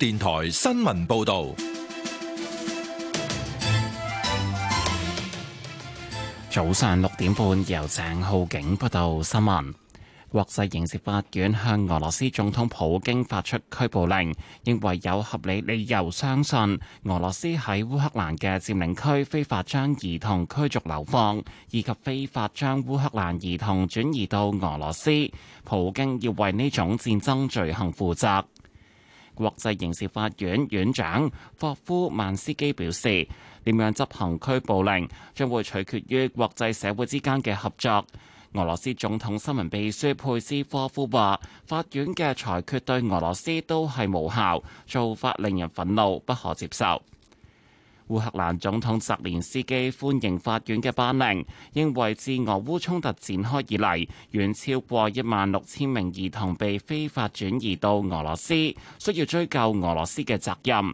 電台新聞報道，早上六點半由鄭浩景報道新聞。國際刑事法院向俄羅斯總統普京發出拘捕令，認為有合理理由相信俄羅斯喺烏克蘭嘅佔領區非法將兒童驅逐流放，以及非法將烏克蘭兒童轉移到俄羅斯。普京要為呢種戰爭罪行負責。國際刑事法院院長霍夫曼斯基表示，點樣執行拘捕令將會取決於國際社會之間嘅合作。俄羅斯總統新聞秘書佩斯科夫話，法院嘅裁決對俄羅斯都係無效，做法令人憤怒，不可接受。烏克蘭總統澤連斯基歡迎法院嘅頒令，認為自俄烏衝突展開以嚟，遠超過一萬六千名兒童被非法轉移到俄羅斯，需要追究俄羅斯嘅責任。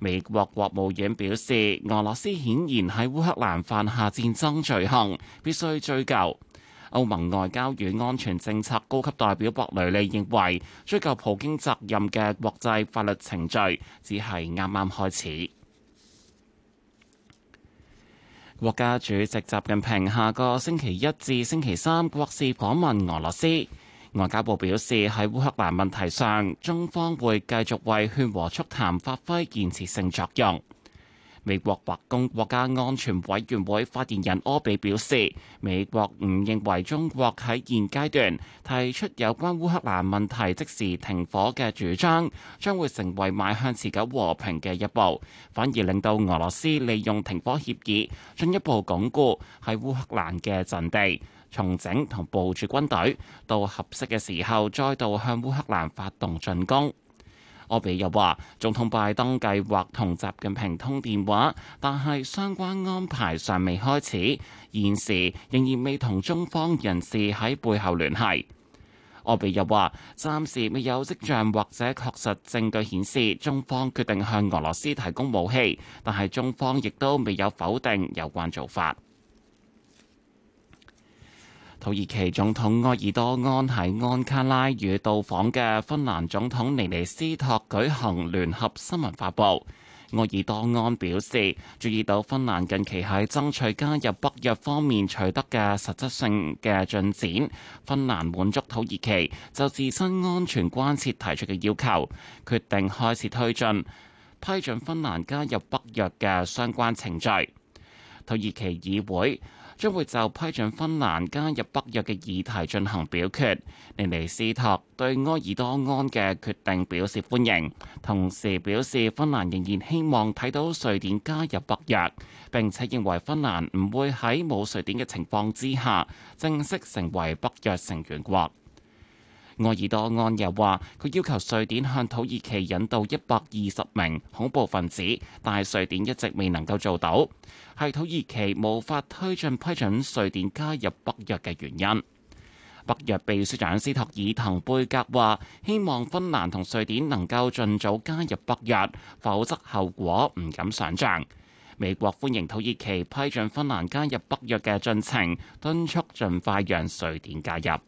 美國國務院表示，俄羅斯顯然喺烏克蘭犯下戰爭罪行，必須追究。歐盟外交與安全政策高級代表博雷利認為，追究普京責任嘅國際法律程序只係啱啱開始。國家主席習近平下個星期一至星期三國事訪問俄羅斯。外交部表示，喺烏克蘭問題上，中方會繼續為勸和促談發揮建設性作用。美國白宮國家安全委員會發言人柯比表示，美國唔認為中國喺現階段提出有關烏克蘭問題即時停火嘅主張，將會成為邁向持久和平嘅一步，反而令到俄羅斯利用停火協議進一步鞏固喺烏克蘭嘅陣地，重整同部署軍隊，到合適嘅時候再度向烏克蘭發動進攻。奧比又話：總統拜登計劃同習近平通電話，但係相關安排尚未開始，現時仍然未同中方人士喺背後聯繫。奧比又話：暫時未有跡象或者確實證據顯示中方決定向俄羅斯提供武器，但係中方亦都未有否定有關做法。土耳其總統埃爾多安喺安卡拉與到訪嘅芬蘭總統尼尼斯托舉行聯合新聞發布。埃爾多安表示，注意到芬蘭近期喺爭取加入北約方面取得嘅實質性嘅進展，芬蘭滿足土耳其就自身安全關切提出嘅要求，決定開始推進批准芬蘭加入北約嘅相關程序。土耳其議會將會就批准芬蘭加入北約嘅議題進行表決。尼尼斯托對埃爾多安嘅決定表示歡迎，同時表示芬蘭仍然希望睇到瑞典加入北約，並且認為芬蘭唔會喺冇瑞典嘅情況之下正式成為北約成員國。埃爾多安又話：佢要求瑞典向土耳其引渡一百二十名恐怖分子，但係瑞典一直未能夠做到，係土耳其無法推進批准瑞典加入北約嘅原因。北約秘書長斯托爾滕貝格話：希望芬蘭同瑞典能夠盡早加入北約，否則後果唔敢想像。美國歡迎土耳其批准芬蘭加入北約嘅進程，敦促盡快讓瑞典加入。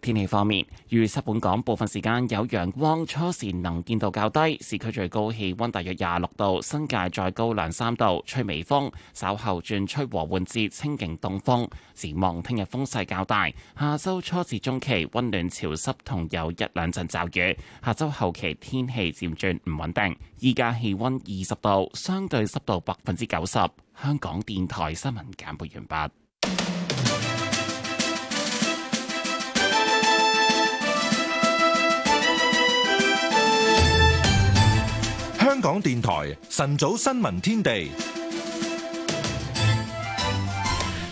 天氣方面，預測本港部分時間有陽光，初時能見度較低，市區最高氣溫大約廿六度，新界再高兩三度，吹微風，稍後轉吹和緩至清勁東風。展望聽日風勢較大，下周初至中期溫暖潮濕同有一兩陣驟雨，下周後期天氣漸轉唔穩定。依家氣溫二十度，相對濕度百分之九十。香港電台新聞簡報完畢。香港電台晨早新聞天地，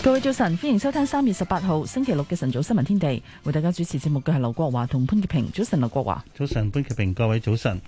各位早晨，歡迎收聽三月十八號星期六嘅晨早新聞天地，為大家主持節目嘅係劉國華同潘潔平。早晨，劉國華。早晨，潘潔平，各位早晨。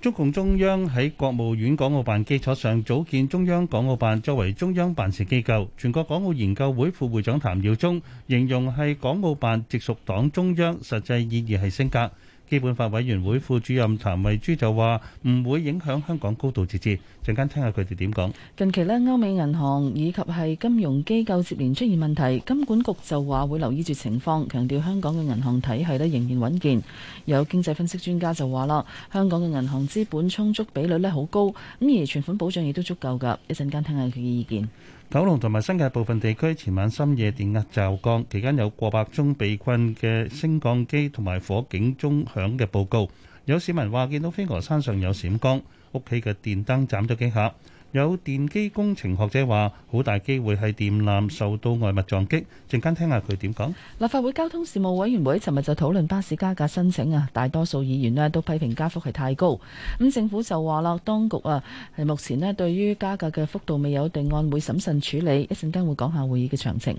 中共中央喺國務院港澳辦基礎上組建中央港澳辦，作為中央辦事機構。全國港澳研究會副會長譚耀宗形容係港澳辦直屬黨中央，實際意義係升格。基本法委員會副主任譚慧珠就話唔會影響香港高度自治。陣間聽下佢哋點講。近期呢，歐美銀行以及係金融機構接連出現問題，金管局就話會留意住情況，強調香港嘅銀行體系呢仍然穩健。有經濟分析專家就話啦，香港嘅銀行資本充足比率呢好高，咁而存款保障亦都足夠㗎。一陣間聽下佢嘅意見。九龍同埋新界部分地區前晚深夜電壓驟降，期間有過百宗被困嘅升降機同埋火警鐘響嘅報告。有市民話見到飛鵝山上有閃光，屋企嘅電燈斬咗幾下。有電機工程學者話：好大機會係電纜受到外物撞擊。陣間聽下佢點講。立法會交通事務委員會尋日就討論巴士加價申請啊，大多數議員呢都批評加幅係太高。咁政府就話啦，當局啊係目前呢對於加價嘅幅度未有定案，會審慎處理。一陣間會講下會議嘅詳情。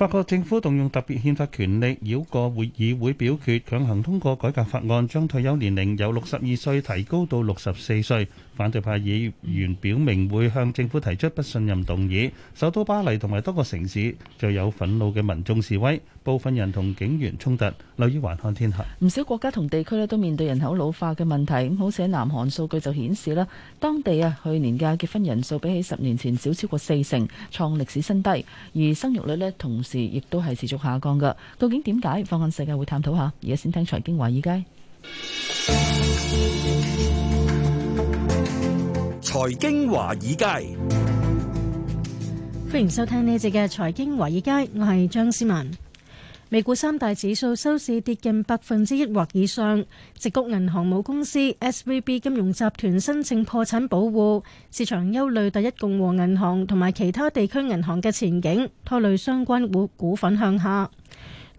法國政府動用特別憲法權力繞過會議會表決，強行通過改革法案，將退休年齡由六十二歲提高到六十四歲。反對派議員表明會向政府提出不信任動議。首都巴黎同埋多個城市就有憤怒嘅民眾示威。部分人同警員衝突，留意環看天下。唔少國家同地區咧，都面對人口老化嘅問題，咁好似喺南韓數據就顯示啦，當地啊去年嘅結婚人數比起十年前少超過四成，創歷史新低。而生育率咧同時亦都係持續下降噶。究竟點解？放眼世界會探討下。而家先聽財經華爾街。財經華爾街，歡迎收聽呢一節嘅財經華爾街，我係張思文。美股三大指數收市跌近百分之一或以上，矽谷銀行母公司 SVB 金融集團申請破產保護，市場憂慮第一共和銀行同埋其他地區銀行嘅前景，拖累相關股股份向下。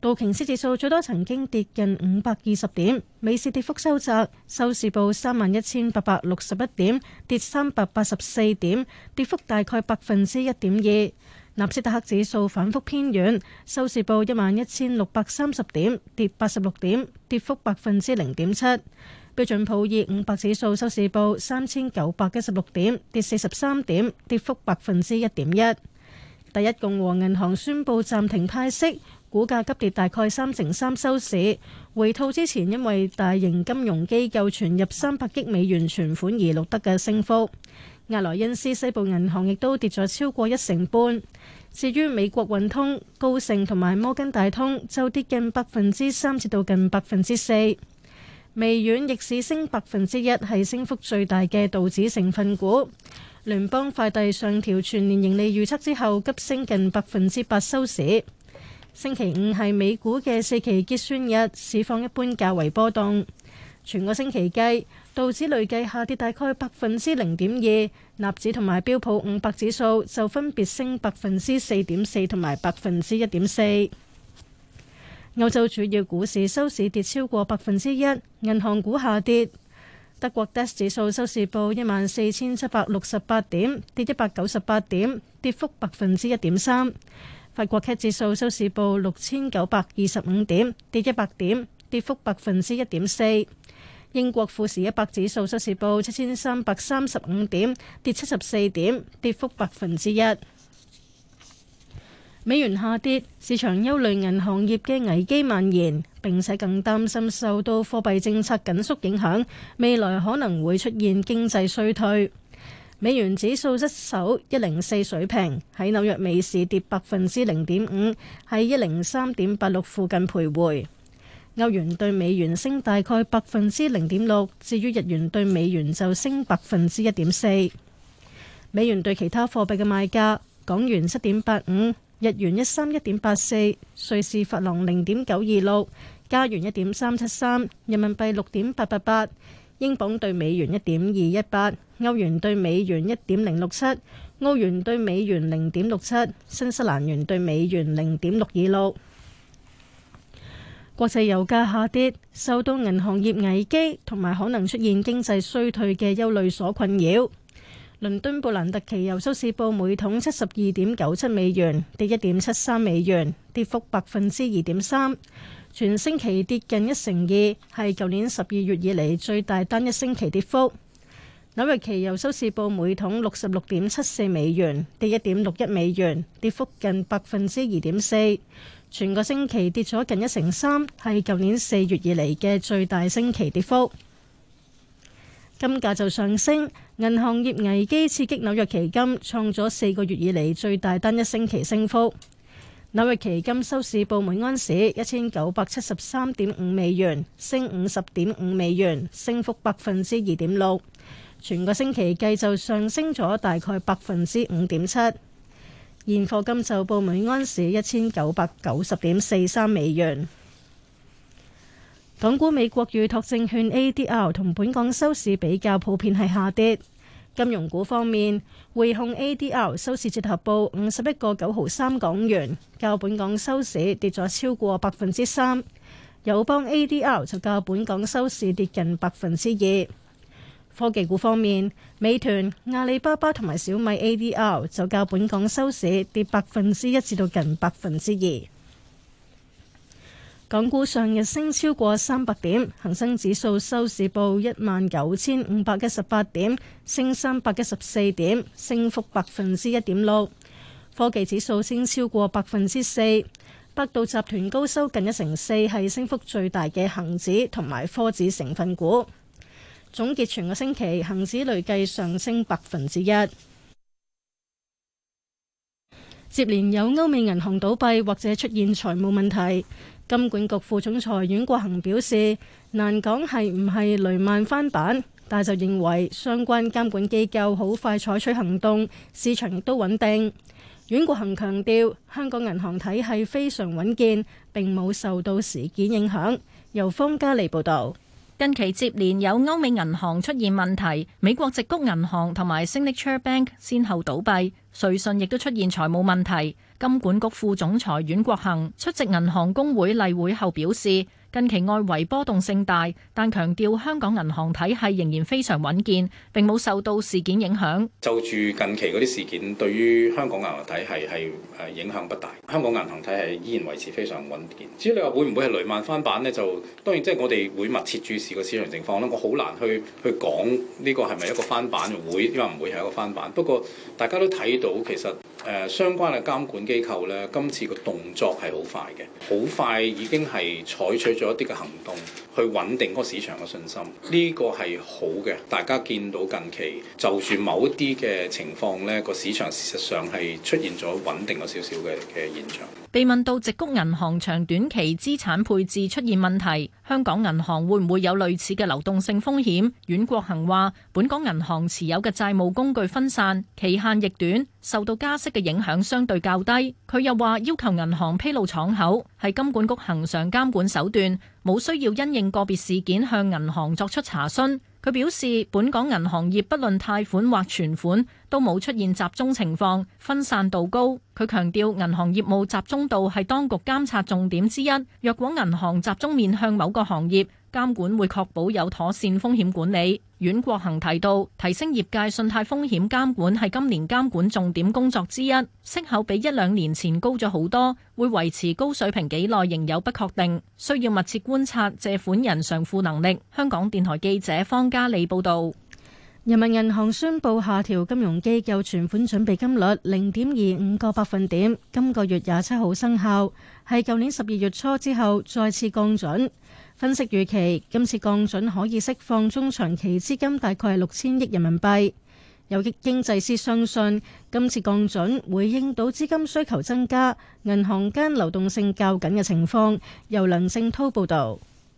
道瓊斯指數最多曾經跌近五百二十點，美市跌幅收窄，收市報三萬一千八百六十一點，跌三百八十四點，跌幅大概百分之一點二。納斯達克指數反復偏軟，收市報一萬一千六百三十點，跌八十六點，跌幅百分之零點七。標準普爾五百指數收市報三千九百一十六點，跌四十三點，跌幅百分之一點一。第一共和銀行宣佈暫停派息，股價急跌大概三成三，收市回吐之前因為大型金融機構存入三百億美元存款而錄得嘅升幅。亞來恩斯西部銀行亦都跌咗超過一成半。至於美國運通、高盛同埋摩根大通，就跌近百分之三，至到近百分之四。微軟逆市升百分之一，係升幅最大嘅道指成分股。聯邦快遞上調全年盈利預測之後，急升近百分之八收市。星期五係美股嘅四期結算日，市況一般較為波動。全個星期計，道指累計下跌大概百分之零點二，納指同埋標普五百指數就分別升百分之四點四同埋百分之一點四。歐洲主要股市收市跌超過百分之一，銀行股下跌。德國 DAX 指數收市報一萬四千七百六十八點，跌一百九十八點，跌幅百分之一點三。法國 CAC 指數收市報六千九百二十五點，跌一百點，跌幅百分之一點四。英國富時一百指數收市報七千三百三十五點，跌七十四點，跌幅百分之一。美元下跌，市場憂慮銀行業嘅危機蔓延，並且更擔心受到貨幣政策緊縮影響，未來可能會出現經濟衰退。美元指數失守一零四水平，喺紐約美市跌百分之零點五，喺一零三點八六附近徘徊。歐元對美元升大概百分之零點六，至於日元對美元就升百分之一點四。美元對其他貨幣嘅賣價：港元七點八五，日元一三一點八四，瑞士法郎零點九二六，加元一點三七三，人民幣六點八八八，英鎊兌美元一點二一八，歐元兌美元一點零六七，澳元兌美元零點六七，新西蘭元兌美元零點六二六。國際油價下跌，受到銀行業危機同埋可能出現經濟衰退嘅憂慮所困擾。倫敦布蘭特期油收市報每桶七十二點九七美元，跌一點七三美元，跌幅百分之二點三，全星期跌近一成二，係舊年十二月以嚟最大單一星期跌幅。紐約期油收市報每桶六十六點七四美元，跌一點六一美元，跌幅近百分之二點四。全個星期跌咗近一成三，係舊年四月以嚟嘅最大星期跌幅。金價就上升，銀行業危機刺激紐約期金創咗四個月以嚟最大單一星期升幅。紐約期金收市報每安士一千九百七十三點五美元，升五十點五美元，升幅百分之二點六。全個星期計就上升咗大概百分之五點七。現貨金就報每安士一千九百九十點四三美元。港股美國預託證券 A D R 同本港收市比較普遍係下跌。金融股方面，匯控 A D R 收市折合報五十一個九毫三港元，較本港收市跌咗超過百分之三。友邦 A D R 就較本港收市跌近百分之二。科技股方面，美團、阿里巴巴同埋小米 ADR 就較本港收市跌百分之一至到近百分之二。港股上日升超過三百點，恒生指數收市報一萬九千五百一十八點，升三百一十四點，升幅百分之一點六。科技指數升超過百分之四，百度集團高收近一成四，係升幅最大嘅恒指同埋科指成分股。總結全個星期，恆指累計上升百分之一。接連有歐美銀行倒閉或者出現財務問題，金管局副總裁阮國恒表示：難講係唔係雷曼翻版，但就認為相關監管機構好快採取行動，市場亦都穩定。阮國恒強調，香港銀行體系非常穩健，並冇受到事件影響。由方嘉莉報導。近期接連有歐美銀行出現問題，美國矽谷銀行同埋 Signature Bank 先後倒閉，瑞信亦都出現財務問題。金管局副總裁阮國恒出席銀行公會例會後表示。近期外圍波動性大，但強調香港銀行體系仍然非常穩健，並冇受到事件影響。就住近期嗰啲事件，對於香港銀行體系係誒影響不大。香港銀行體系依然維持非常穩健。至於你話會唔會係雷曼翻版咧？就當然即係我哋會密切注視個市場情況啦。我好難去去講呢個係咪一個翻版會，因為唔會係一個翻版。不過大家都睇到其實誒相關嘅監管機構咧，今次個動作係好快嘅，好快已經係採取。做一啲嘅行動去穩定個市場嘅信心，呢個係好嘅。大家見到近期，就算某一啲嘅情況咧，個市場事實上係出現咗穩定咗少少嘅嘅現象。被問到矽谷銀行長短期資產配置出現問題，香港銀行會唔會有類似嘅流動性風險？阮國恒話：本港銀行持有嘅債務工具分散，期限亦短，受到加息嘅影響相對較低。佢又話：要求銀行披露敞口係金管局恒常監管手段，冇需要因應個別事件向銀行作出查詢。佢表示，本港銀行業不論貸款或存款都冇出現集中情況，分散度高。佢強調銀行業務集中度係當局監察重點之一。若果銀行集中面向某個行業。監管會確保有妥善風險管理。阮國恒提到，提升業界信貸風險監管係今年監管重點工作之一，息口比一兩年前高咗好多，會維持高水平幾耐，仍有不確定，需要密切觀察借款人償付能力。香港電台記者方嘉利報導。人民銀行宣布下調金融機構存款準備金率零點二五個百分點，今個月廿七號生效，係舊年十二月初之後再次降準。分析預期今次降準可以釋放中長期資金，大概係六千億人民幣。有經濟師相信今次降準會應到資金需求增加、銀行間流動性較緊嘅情況。由梁勝滔報導。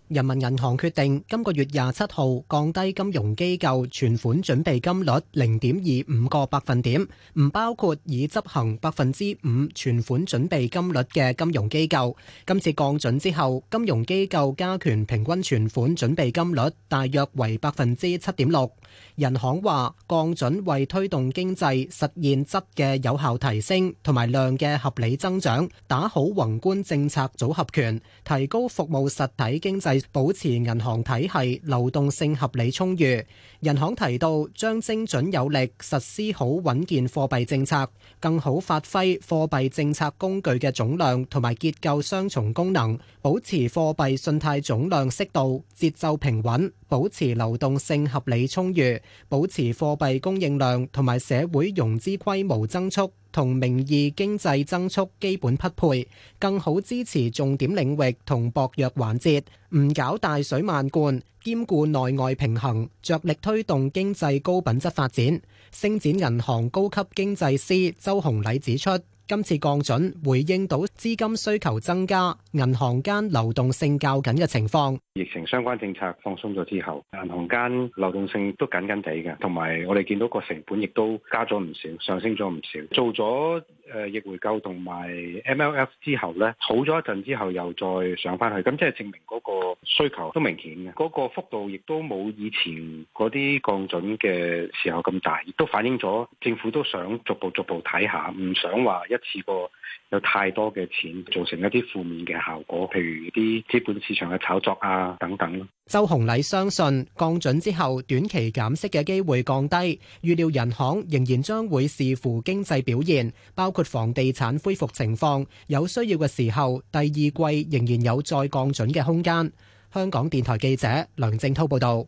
人民銀行決定今個月廿七號降低金融機構存款準備金率零點二五個百分點，唔包括已執行百分之五存款準備金率嘅金融機構。今次降準之後，金融機構加權平均存款準備金率大約為百分之七點六。人行話降準為推動經濟實現質嘅有效提升同埋量嘅合理增長，打好宏觀政策組合拳，提高服務實體經濟。保持銀行體系流動性合理充裕，銀行提到將精準有力實施好穩健貨幣政策，更好發揮貨幣政策工具嘅總量同埋結構雙重功能，保持貨幣信貸總量適度節奏平穩，保持流動性合理充裕，保持貨幣供應量同埋社會融資規模增速。同名義經濟增速基本匹配，更好支持重點領域同薄弱環節，唔搞大水漫灌，兼顧內外平衡，着力推動經濟高品質發展。星展銀行高級經濟師周鴻禮指出，今次降準回應到資金需求增加。銀行間流動性較緊嘅情況，疫情相關政策放鬆咗之後，銀行間流動性都緊緊地嘅，同埋我哋見到個成本亦都加咗唔少，上升咗唔少。做咗誒逆回購同埋 MLF 之後呢，好咗一陣之後又再上翻去，咁即係證明嗰個需求都明顯嘅，嗰個幅度亦都冇以前嗰啲降準嘅時候咁大，亦都反映咗政府都想逐步逐步睇下，唔想話一次過。有太多嘅錢造成一啲負面嘅效果，譬如啲資本市場嘅炒作啊等等。周鴻禮相信降準之後，短期減息嘅機會降低，預料人行仍然將會視乎經濟表現，包括房地產恢復情況，有需要嘅時候，第二季仍然有再降準嘅空間。香港電台記者梁正濤報道。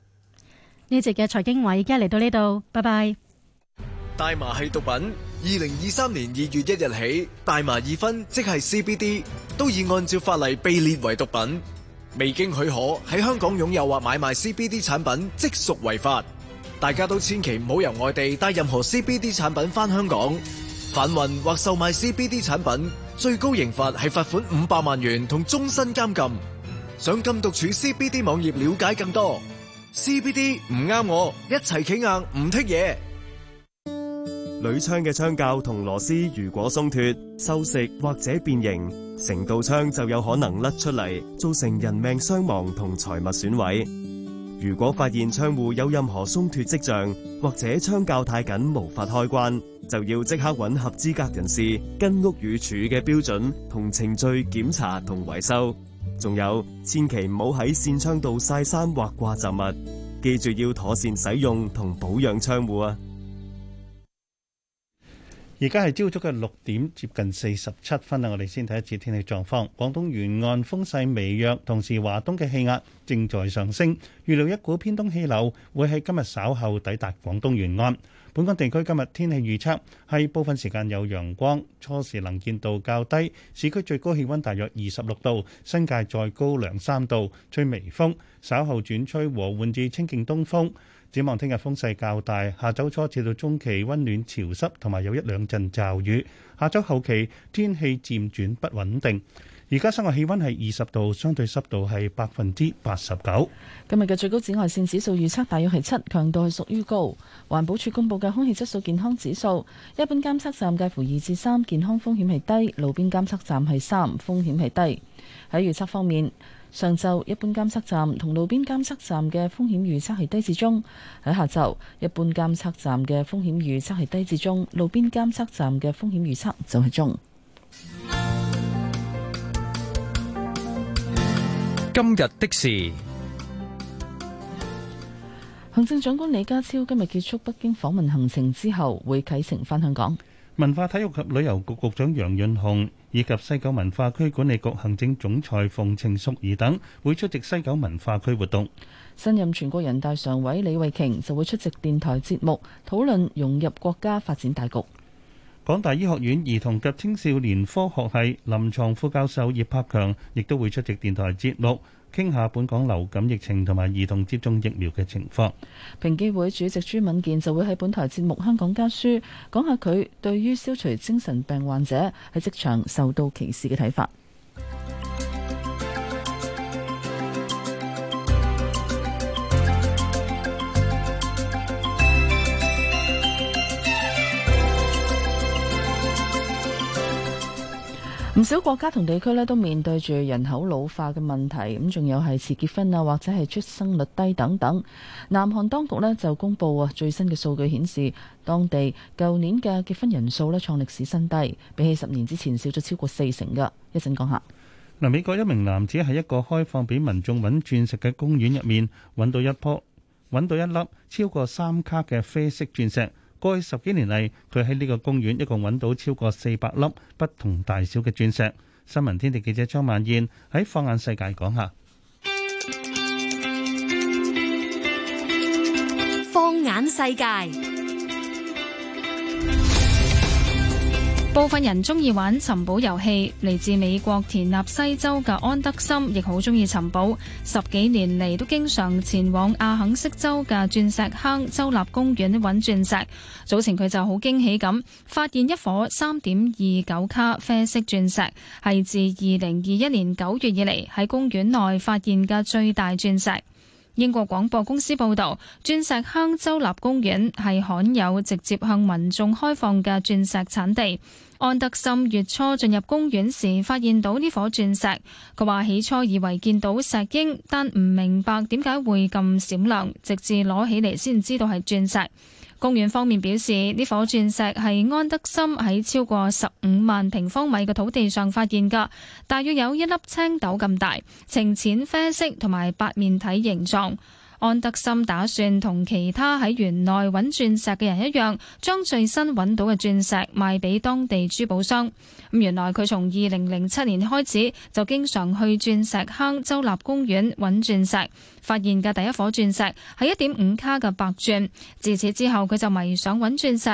呢節嘅財經委已經嚟到呢度，拜拜。大麻係毒品。二零二三年二月一日起，大麻二酚即係 CBD，都已按照法例被列為毒品。未經許可喺香港擁有或買賣 CBD 產品，即屬違法。大家都千祈唔好由外地帶任何 CBD 產品返香港。販運或售賣 CBD 產品，最高刑罰係罰款五百萬元同終身監禁。想禁毒處 CBD 網頁了解更多。CBD 唔啱我，一齊企硬唔剔嘢。鋁窗嘅窗鉸同螺絲如果鬆脫、鏽蝕或者變形，成道窗就有可能甩出嚟，造成人命傷亡同財物損毀。如果發現窗戶有任何鬆脱跡象，或者窗鉸太緊無法開關，就要即刻揾合資格人士，跟屋宇署嘅標準同程序檢查同維修。仲有，千祈唔好喺線窗度晒衫或掛雜物。記住要妥善使用同保養窗戶啊！而家係朝早嘅六點接近四十七分啊！我哋先睇一次天氣狀況。廣東沿岸風勢微弱，同時華東嘅氣壓正在上升。預料一股偏東氣流會喺今日稍後抵達廣東沿岸。本港地區今日天氣預測係部分時間有陽光，初時能見度較低，市區最高氣温大約二十六度，新界再高兩三度，吹微風，稍後轉吹和緩至清勁東風。展望聽日風勢較大，下週初至到中期温暖潮濕，同埋有一兩陣驟雨。下週後期天氣漸轉不穩定。而家室外氣溫係二十度，相對濕度係百分之八十九。今日嘅最高紫外線指數預測大約係七，強度係屬於高。環保署公布嘅空氣質素健康指數，一般監測站介乎二至三，健康風險係低；路邊監測站係三，風險係低。喺預測方面。上晝，一般監測站同路邊監測站嘅風險預測係低至中。喺下晝，一般監測站嘅風險預測係低至中，路邊監測站嘅風險預測就係中。今日的事，行政長官李家超今日結束北京訪問行程之後，會啟程返香港。文化體育及旅遊局局長楊潤雄。以及西九文化區管理局行政總裁馮程淑儀等會出席西九文化區活動。新任全國人大常委李慧瓊就會出席電台節目，討論融入國家發展大局。港大醫學院兒童及青少年科學系臨牀副教授葉柏強亦都會出席電台節目。傾下本港流感疫情同埋兒童接種疫苗嘅情況。平機會主席朱敏健就會喺本台節目《香港家書》講下佢對於消除精神病患者喺職場受到歧視嘅睇法。唔少國家同地區咧都面對住人口老化嘅問題，咁仲有係遲結婚啊，或者係出生率低等等。南韓當局咧就公布啊，最新嘅數據顯示，當地舊年嘅結婚人數咧創歷史新低，比起十年之前少咗超過四成噶。一陣講下。嗱，美國一名男子喺一個開放俾民眾揾鑽石嘅公園入面，揾到一樖，揾到一粒超過三卡嘅啡色鑽石。過去十幾年嚟，佢喺呢個公園一共揾到超過四百粒不同大小嘅鑽石。新聞天地記者張萬燕喺放眼世界講下。放眼世界。部分人鍾意玩尋寶遊戲，嚟自美國田納西州嘅安德森亦好鍾意尋寶，十幾年嚟都經常前往阿肯色州嘅鑽石坑州立公園揾鑽石。早前佢就好驚喜咁，發現一顆三點二九卡啡色鑽石，係自二零二一年九月以嚟喺公園內發現嘅最大鑽石。英國廣播公司報導，鑽石坑州立公園係罕有直接向民眾開放嘅鑽石產地。安德森月初進入公園時，發現到呢顆鑽石。佢話起初以為見到石英，但唔明白點解會咁閃亮，直至攞起嚟先知道係鑽石。公園方面表示，呢顆鑽石係安德森喺超過十五萬平方米嘅土地上發現㗎，大約有一粒青豆咁大，呈淺啡色同埋八面體形狀。安德森打算同其他喺園內揾鑽石嘅人一樣，將最新揾到嘅鑽石賣俾當地珠寶商。原來佢從二零零七年開始就經常去鑽石坑州立公園揾鑽石。發現嘅第一顆鑽石係一點五卡嘅白鑽，自此之後佢就迷上揾鑽石。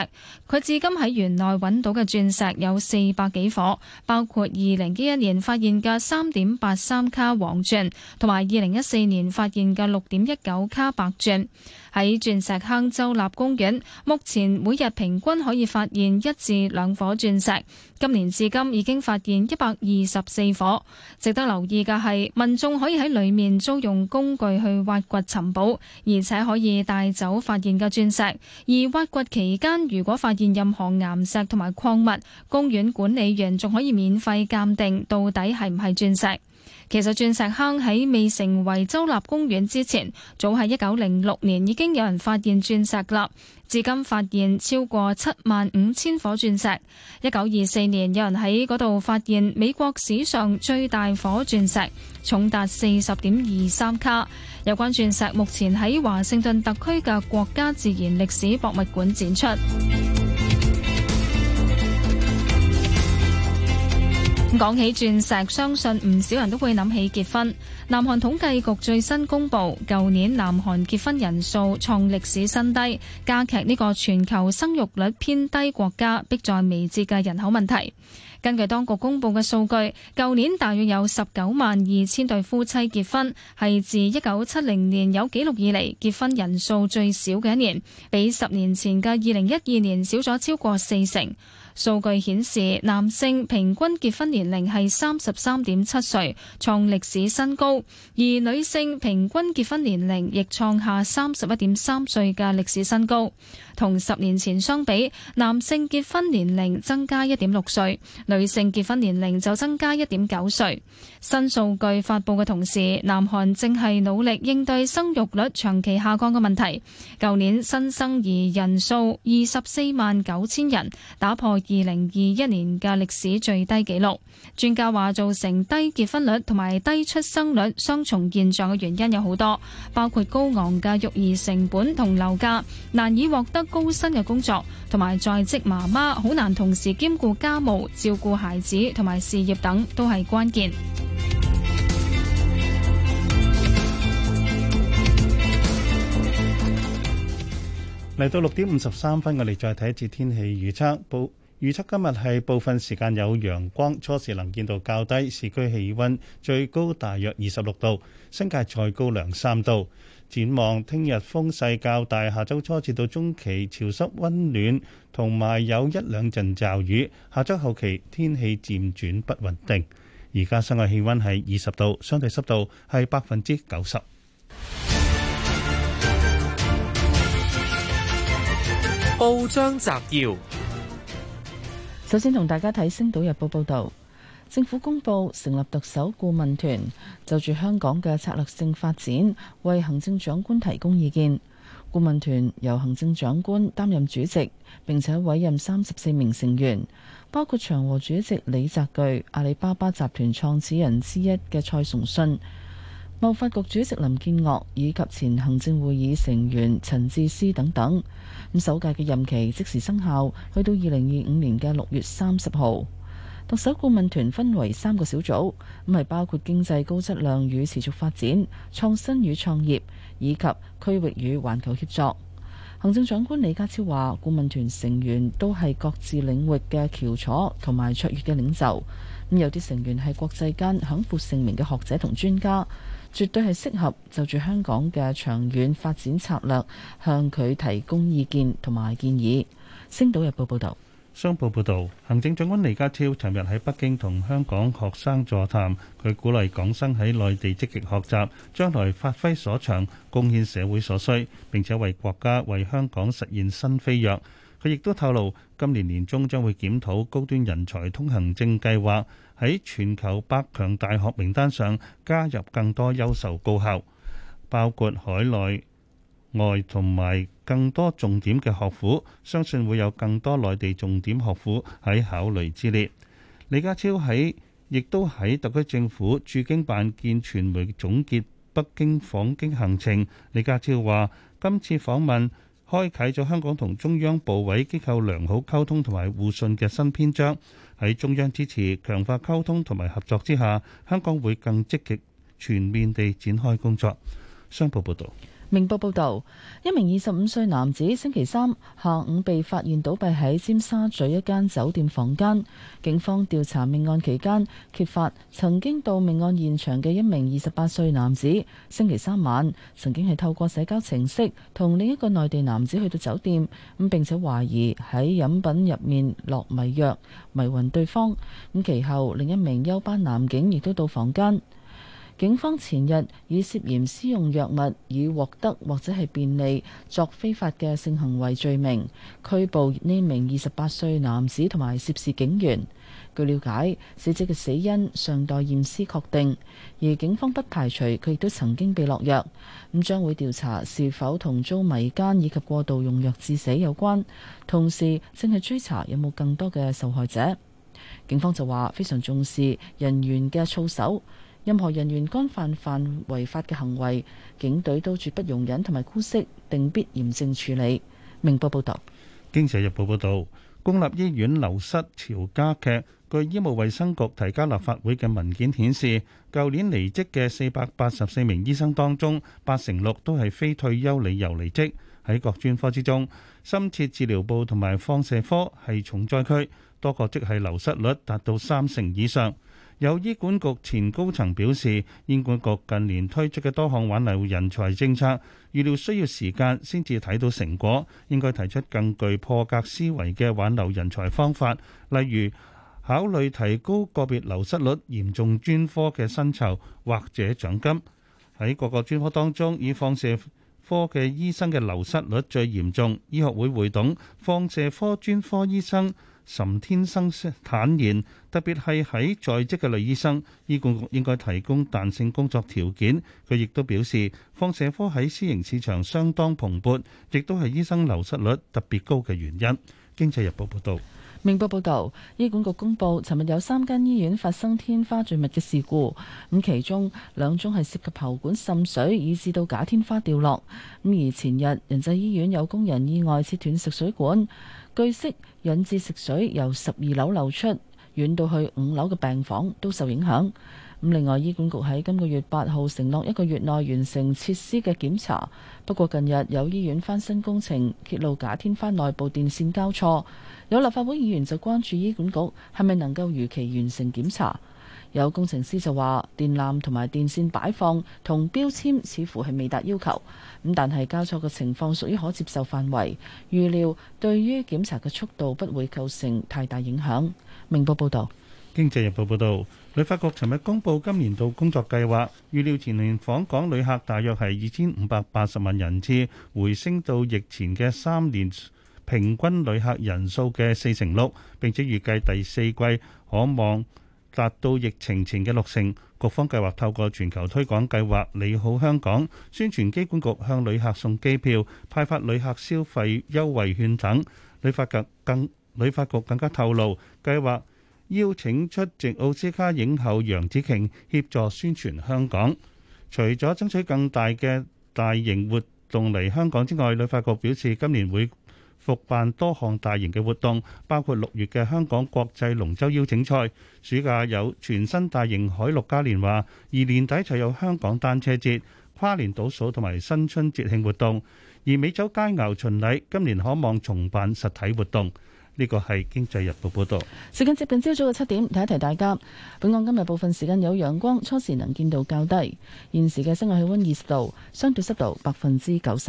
佢至今喺園內揾到嘅鑽石有四百幾顆，包括二零一一年發現嘅三點八三卡黃鑽，同埋二零一四年發現嘅六點一九卡白鑽。喺鑽石坑州立公園，目前每日平均可以發現一至兩顆鑽石，今年至今已經發現一百二十四顆。值得留意嘅係，民眾可以喺裏面租用工具去挖掘尋寶，而且可以帶走發現嘅鑽石。而挖掘期間，如果發現任何岩石同埋礦物，公園管理員仲可以免費鑑定到底係唔係鑽石。其實鑽石坑喺未成為州立公園之前，早喺一九零六年已經有人發現鑽石啦。至今發現超過七萬五千顆鑽石。一九二四年有人喺嗰度發現美國史上最大顆鑽石，重達四十點二三卡。有關鑽石目前喺華盛頓特區嘅國家自然歷史博物館展出。講起鑽石，相信唔少人都會諗起結婚。南韓統計局最新公布，舊年南韓結婚人數創歷史新低，加劇呢個全球生育率偏低國家迫在眉睫嘅人口問題。根據當局公布嘅數據，舊年大約有十九萬二千對夫妻結婚，係自一九七零年有紀錄以嚟結婚人數最少嘅一年，比十年前嘅二零一二年少咗超過四成。數據顯示，男性平均結婚年齡係三十三點七歲，創歷史新高；而女性平均結婚年齡亦創下三十一點三歲嘅歷史新高。同十年前相比，男性結婚年齡增加一點六歲，女性結婚年齡就增加一點九歲。新數據發佈嘅同時，南韓正係努力應對生育率長期下降嘅問題。舊年新生兒人數二十四萬九千人，打破二零二一年嘅歷史最低紀錄。專家話造成低結婚率同埋低出生率雙重現象嘅原因有好多，包括高昂嘅育兒成本同樓價，難以獲得高薪嘅工作，同埋在職媽媽好難同時兼顧家務、照顧孩子同埋事業等都，都係關鍵。嚟到六點五十三分，我哋再睇一次天氣預測報。預測今日係部分時間有陽光，初時能見度較低，市區氣溫最高大約二十六度，新界再高兩三度。展望聽日風勢較大，下周初至到中期潮濕溫暖，同埋有一兩陣驟雨。下周後期天氣漸轉不穩定。而家室外氣溫係二十度，相對濕度係百分之九十。報章摘要。首先同大家睇《星島日報》報導，政府公布成立特首顧問團，就住香港嘅策略性發展，為行政長官提供意見。顧問團由行政長官擔任主席，並且委任三十四名成員，包括長和主席李澤鉅、阿里巴巴集團創始人之一嘅蔡崇信。貿發局主席林建岳以及前行政會議成員陳智思等等咁，首屆嘅任期即時生效，去到二零二五年嘅六月三十號。特首顧問團分為三個小組，咁係包括經濟高質量與持續發展、創新與創業以及區域與環球協作。行政長官李家超話，顧問團成員都係各自領域嘅翹楚同埋卓越嘅領袖，咁有啲成員係國際間享負盛名嘅學者同專家。絕對係適合就住香港嘅長遠發展策略，向佢提供意見同埋建議。星島日報報道：「商報報道，行政長官李家超尋日喺北京同香港學生座談，佢鼓勵港生喺內地積極學習，將來發揮所長，貢獻社會所需，並且為國家、為香港實現新飛躍。佢亦都透露，今年年中將會檢討高端人才通行證計劃，喺全球百強大學名單上加入更多優秀高校，包括海內外同埋更多重點嘅學府，相信會有更多內地重點學府喺考慮之列。李家超喺亦都喺特區政府駐京辦見傳媒總結北京訪京行程。李家超話今次訪問。開啟咗香港同中央部委機構良好溝通同埋互信嘅新篇章。喺中央支持、強化溝通同埋合作之下，香港會更積極全面地展開工作。商報報道。明報報導，一名二十五歲男子星期三下午被發現倒斃喺尖沙咀一間酒店房間。警方調查命案期間，揭發曾經到命案現場嘅一名二十八歲男子，星期三晚曾經係透過社交程式同另一個內地男子去到酒店，咁並且懷疑喺飲品入面落迷藥迷暈對方。咁其後另一名休班男警亦都到房間。警方前日以涉嫌私用藥物以獲得或者係便利作非法嘅性行為罪名拘捕呢名二十八歲男子同埋涉事警員。據了解，死者嘅死因尚待驗屍確定，而警方不排除佢亦都曾經被落藥，咁將會調查是否同遭迷姦以及過度用藥致死有關。同時正係追查有冇更多嘅受害者。警方就話非常重視人員嘅操守。任何人員干犯犯違法嘅行為，警隊都絕不容忍同埋姑息，定必嚴正處理。明報報道，《經濟日報》報道，公立醫院流失潮加劇。據醫務衛生局提交立法會嘅文件顯示，舊年離職嘅四百八十四名醫生當中，八成六都係非退休理由離職。喺各專科之中，深切治療部同埋放射科係重災區，多個職系流失率達到三成以上。有醫管局前高層表示，醫管局近年推出嘅多項挽留人才政策，預料需要時間先至睇到成果，應該提出更具破格思維嘅挽留人才方法，例如考慮提高個別流失率嚴重專科嘅薪酬或者獎金。喺各個專科當中，以放射科嘅醫生嘅流失率最嚴重。醫學會會董放射科專科醫生，岑天生坦言，特別係喺在職嘅女醫生，醫管局應該提供彈性工作條件。佢亦都表示，放射科喺私營市場相當蓬勃，亦都係醫生流失率特別高嘅原因。經濟日報報道。明報報道，醫管局公佈，尋日有三間醫院發生天花墜物嘅事故，咁其中兩宗係涉及喉管滲水，以致到假天花掉落。咁而前日仁濟醫院有工人意外切斷食水管，據悉引致食水由十二樓流出，遠到去五樓嘅病房都受影響。咁另外，醫管局喺今個月八號承諾一個月內完成設施嘅檢查。不過近日有醫院翻新工程揭露假天花內部電線交錯，有立法會議員就關注醫管局係咪能夠如期完成檢查。有工程師就話電纜同埋電線擺放同標籤似乎係未達要求。咁但係交錯嘅情況屬於可接受範圍，預料對於檢查嘅速度不會構成太大影響。明報報道，《經濟日報》報導。旅發局尋日公布今年度工作計劃，預料全年訪港旅客大約係二千五百八十萬人次，回升到疫前嘅三年平均旅客人數嘅四成六，並且預計第四季可望達到疫情前嘅六成。局方計劃透過全球推廣計劃你好香港，宣傳機管局向旅客送機票、派發旅客消費優惠券等。旅發局更旅發局更加透露計劃。邀請出席奧斯卡影后楊紫瓊協助宣傳香港。除咗爭取更大嘅大型活動嚟香港之外，旅發局表示今年會復辦多項大型嘅活動，包括六月嘅香港國際龍舟邀請賽，暑假有全新大型海陸嘉年華，而年底才有香港單車節、跨年倒數同埋新春節慶活動，而美酒佳肴巡禮今年可望重辦實體活動。呢個係《經濟日報》報道。時間接近朝早嘅七點，提一提大家。本港今日部分時間有陽光，初時能見度較低。現時嘅室外氣溫二十度，相對濕度百分之九十。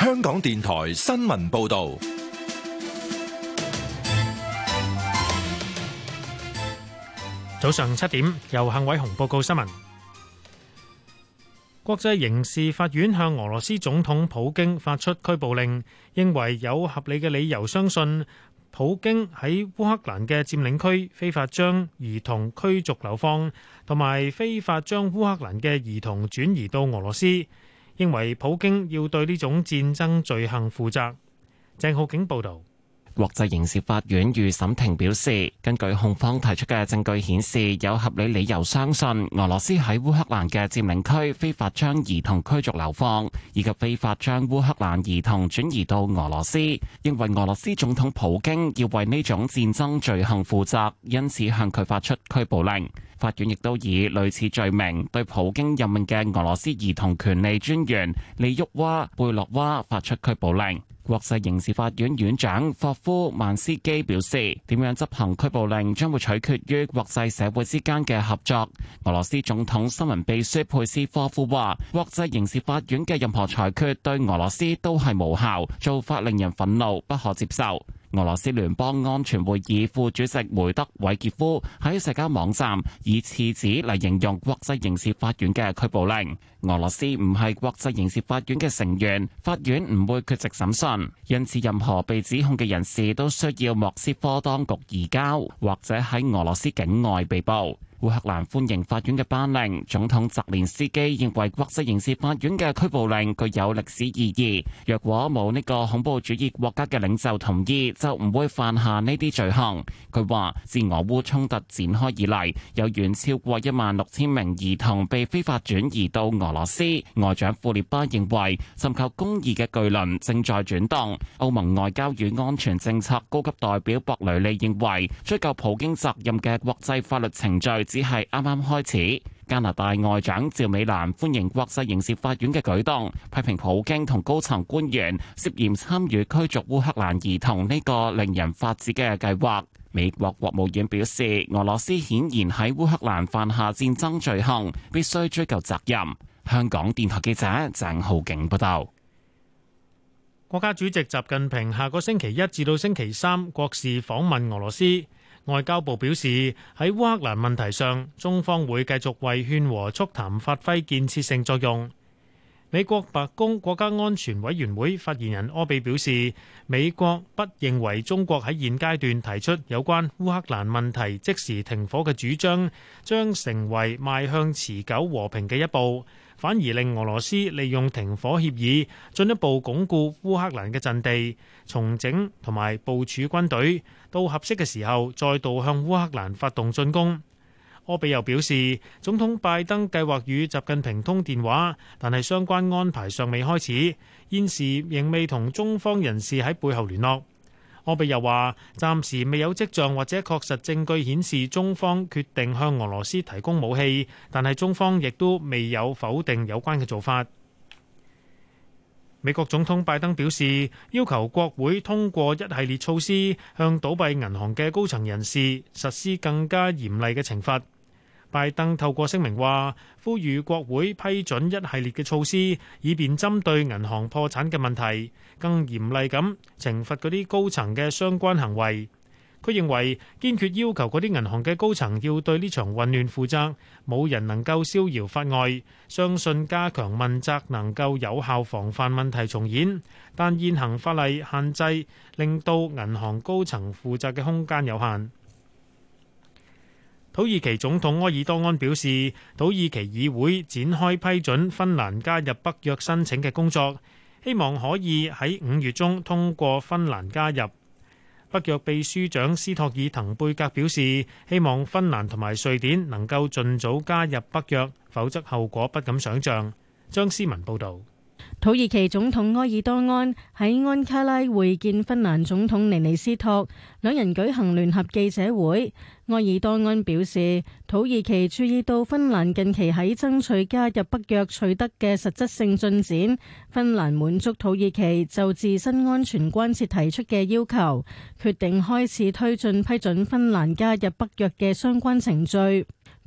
香港電台新聞報道。早上七點，由幸偉雄報告新聞。國際刑事法院向俄羅斯總統普京發出拘捕令，認為有合理嘅理由相信普京喺烏克蘭嘅佔領區非法將兒童驅逐流放，同埋非法將烏克蘭嘅兒童轉移到俄羅斯，認為普京要對呢種戰爭罪行負責。鄭浩景報道。國際刑事法院預審庭表示，根據控方提出嘅證據顯示，有合理理由相信俄羅斯喺烏克蘭嘅佔領區非法將兒童驅逐流放，以及非法將烏克蘭兒童轉移到俄羅斯，認為俄羅斯總統普京要為呢種戰爭罪行負責，因此向佢發出拘捕令。法院亦都以類似罪名對普京任命嘅俄羅斯兒童權利專員利沃娃-貝洛娃發出拘捕令。國際刑事法院院長霍夫曼斯基表示，點樣執行拘捕令將會取決於國際社會之間嘅合作。俄羅斯總統新聞秘書佩斯科夫話，國際刑事法院嘅任何裁決對俄羅斯都係無效，做法令人憤怒，不可接受。俄羅斯聯邦安全會議副主席梅德韋傑夫喺社交網站以廁紙嚟形容國際刑事法院嘅拘捕令。俄羅斯唔係國際刑事法院嘅成員，法院唔會缺席審訊，因此任何被指控嘅人士都需要莫斯科當局移交或者喺俄羅斯境外被捕。烏克蘭歡迎法院嘅頒令，總統澤連斯基認為國際刑事法院嘅拘捕令具有歷史意義。若果冇呢個恐怖主義國家嘅領袖同意，就唔會犯下呢啲罪行。佢話，自俄烏衝突展開以嚟，有遠超過一萬六千名兒童被非法轉移到俄羅斯。外長庫列巴認為，尋求公義嘅巨輪正在轉動。歐盟外交與安全政策高級代表博雷利認為，追究普京責任嘅國際法律程序，只係啱啱開始。加拿大外長趙美蘭歡迎國際刑事法院嘅舉動，批評普京同高層官員涉嫌參與驅逐烏克蘭兒童呢個令人發指嘅計劃。美國國務院表示，俄羅斯顯然喺烏克蘭犯下戰爭罪行，必須追究責任。香港電台記者鄭浩景報道。國家主席習近平下個星期一至到星期三國事訪問俄羅斯。外交部表示，喺烏克蘭問題上，中方會繼續為勸和促談發揮建設性作用。美國白宮國家安全委員會發言人柯比表示，美國不認為中國喺現階段提出有關烏克蘭問題即時停火嘅主張，將成為邁向持久和平嘅一步。反而令俄羅斯利用停火協議進一步鞏固烏克蘭嘅陣地，重整同埋部署軍隊，到合適嘅時候再度向烏克蘭發動進攻。柯比又表示，總統拜登計劃與習近平通電話，但係相關安排尚未開始，現時仍未同中方人士喺背後聯絡。科比又話：暫時未有跡象或者確實證據顯示中方決定向俄羅斯提供武器，但係中方亦都未有否定有關嘅做法。美國總統拜登表示，要求國會通過一系列措施，向倒閉銀行嘅高層人士實施更加嚴厲嘅懲罰。拜登透過聲明話，呼籲國會批准一系列嘅措施，以便針對銀行破產嘅問題，更嚴厲噉懲罰嗰啲高層嘅相關行為。佢認為堅決要求嗰啲銀行嘅高層要對呢場混亂負責，冇人能夠逍遙法外，相信加強問責能夠有效防範問題重演，但現行法例限制令到銀行高層負責嘅空間有限。土耳其總統埃爾多安表示，土耳其議會展開批准芬蘭加入北約申請嘅工作，希望可以喺五月中通過芬蘭加入。北約秘書長斯托爾滕貝格表示，希望芬蘭同埋瑞典能夠盡早加入北約，否則後果不敢想像。張思文報導。土耳其總統埃爾多安喺安卡拉會見芬蘭總統尼尼斯托，兩人舉行聯合記者會。埃爾多安表示，土耳其注意到芬蘭近期喺爭取加入北約取得嘅實質性進展，芬蘭滿足土耳其就自身安全關切提出嘅要求，決定開始推進批准芬蘭加入北約嘅相關程序。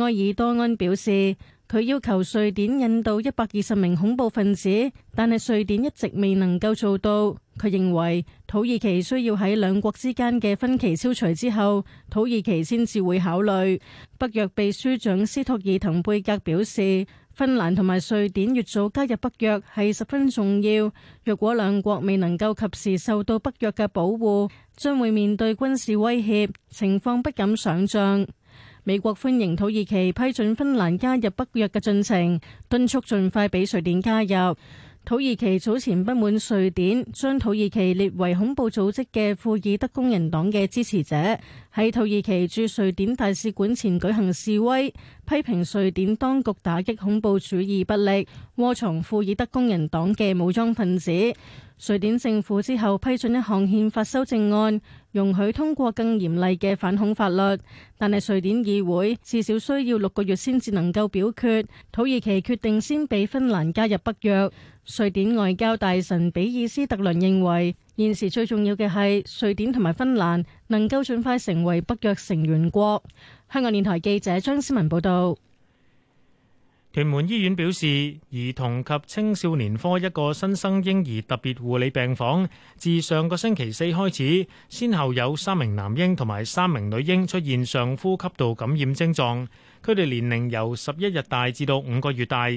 埃爾多安表示，佢要求瑞典引渡一百二十名恐怖分子，但係瑞典一直未能夠做到。佢認為土耳其需要喺兩國之間嘅分歧消除之後，土耳其先至會考慮。北約秘書長斯托爾滕貝格表示，芬蘭同埋瑞典越早加入北約係十分重要。若果兩國未能夠及時受到北約嘅保護，將會面對軍事威脅，情況不敢想象。美國歡迎土耳其批准芬蘭加入北約嘅進程，敦促盡快俾瑞典加入。土耳其早前不滿瑞典將土耳其列為恐怖組織嘅庫爾德工人黨嘅支持者，喺土耳其駐瑞典大使館前舉行示威，批評瑞典當局打擊恐怖主義不力，窩藏庫爾德工人黨嘅武裝分子。瑞典政府之後批准一項憲法修正案，容許通過更嚴厲嘅反恐法律，但係瑞典議會至少需要六個月先至能夠表決。土耳其決定先俾芬蘭加入北約。瑞典外交大臣比爾斯特倫認為，現時最重要嘅係瑞典同埋芬蘭能夠盡快成為北約成員國。香港電台記者張思文報道。屯門醫院表示，兒童及青少年科一個新生嬰兒特別護理病房自上個星期四開始，先後有三名男嬰同埋三名女嬰出現上呼吸道感染症狀。佢哋年齡由十一日大至到五個月大。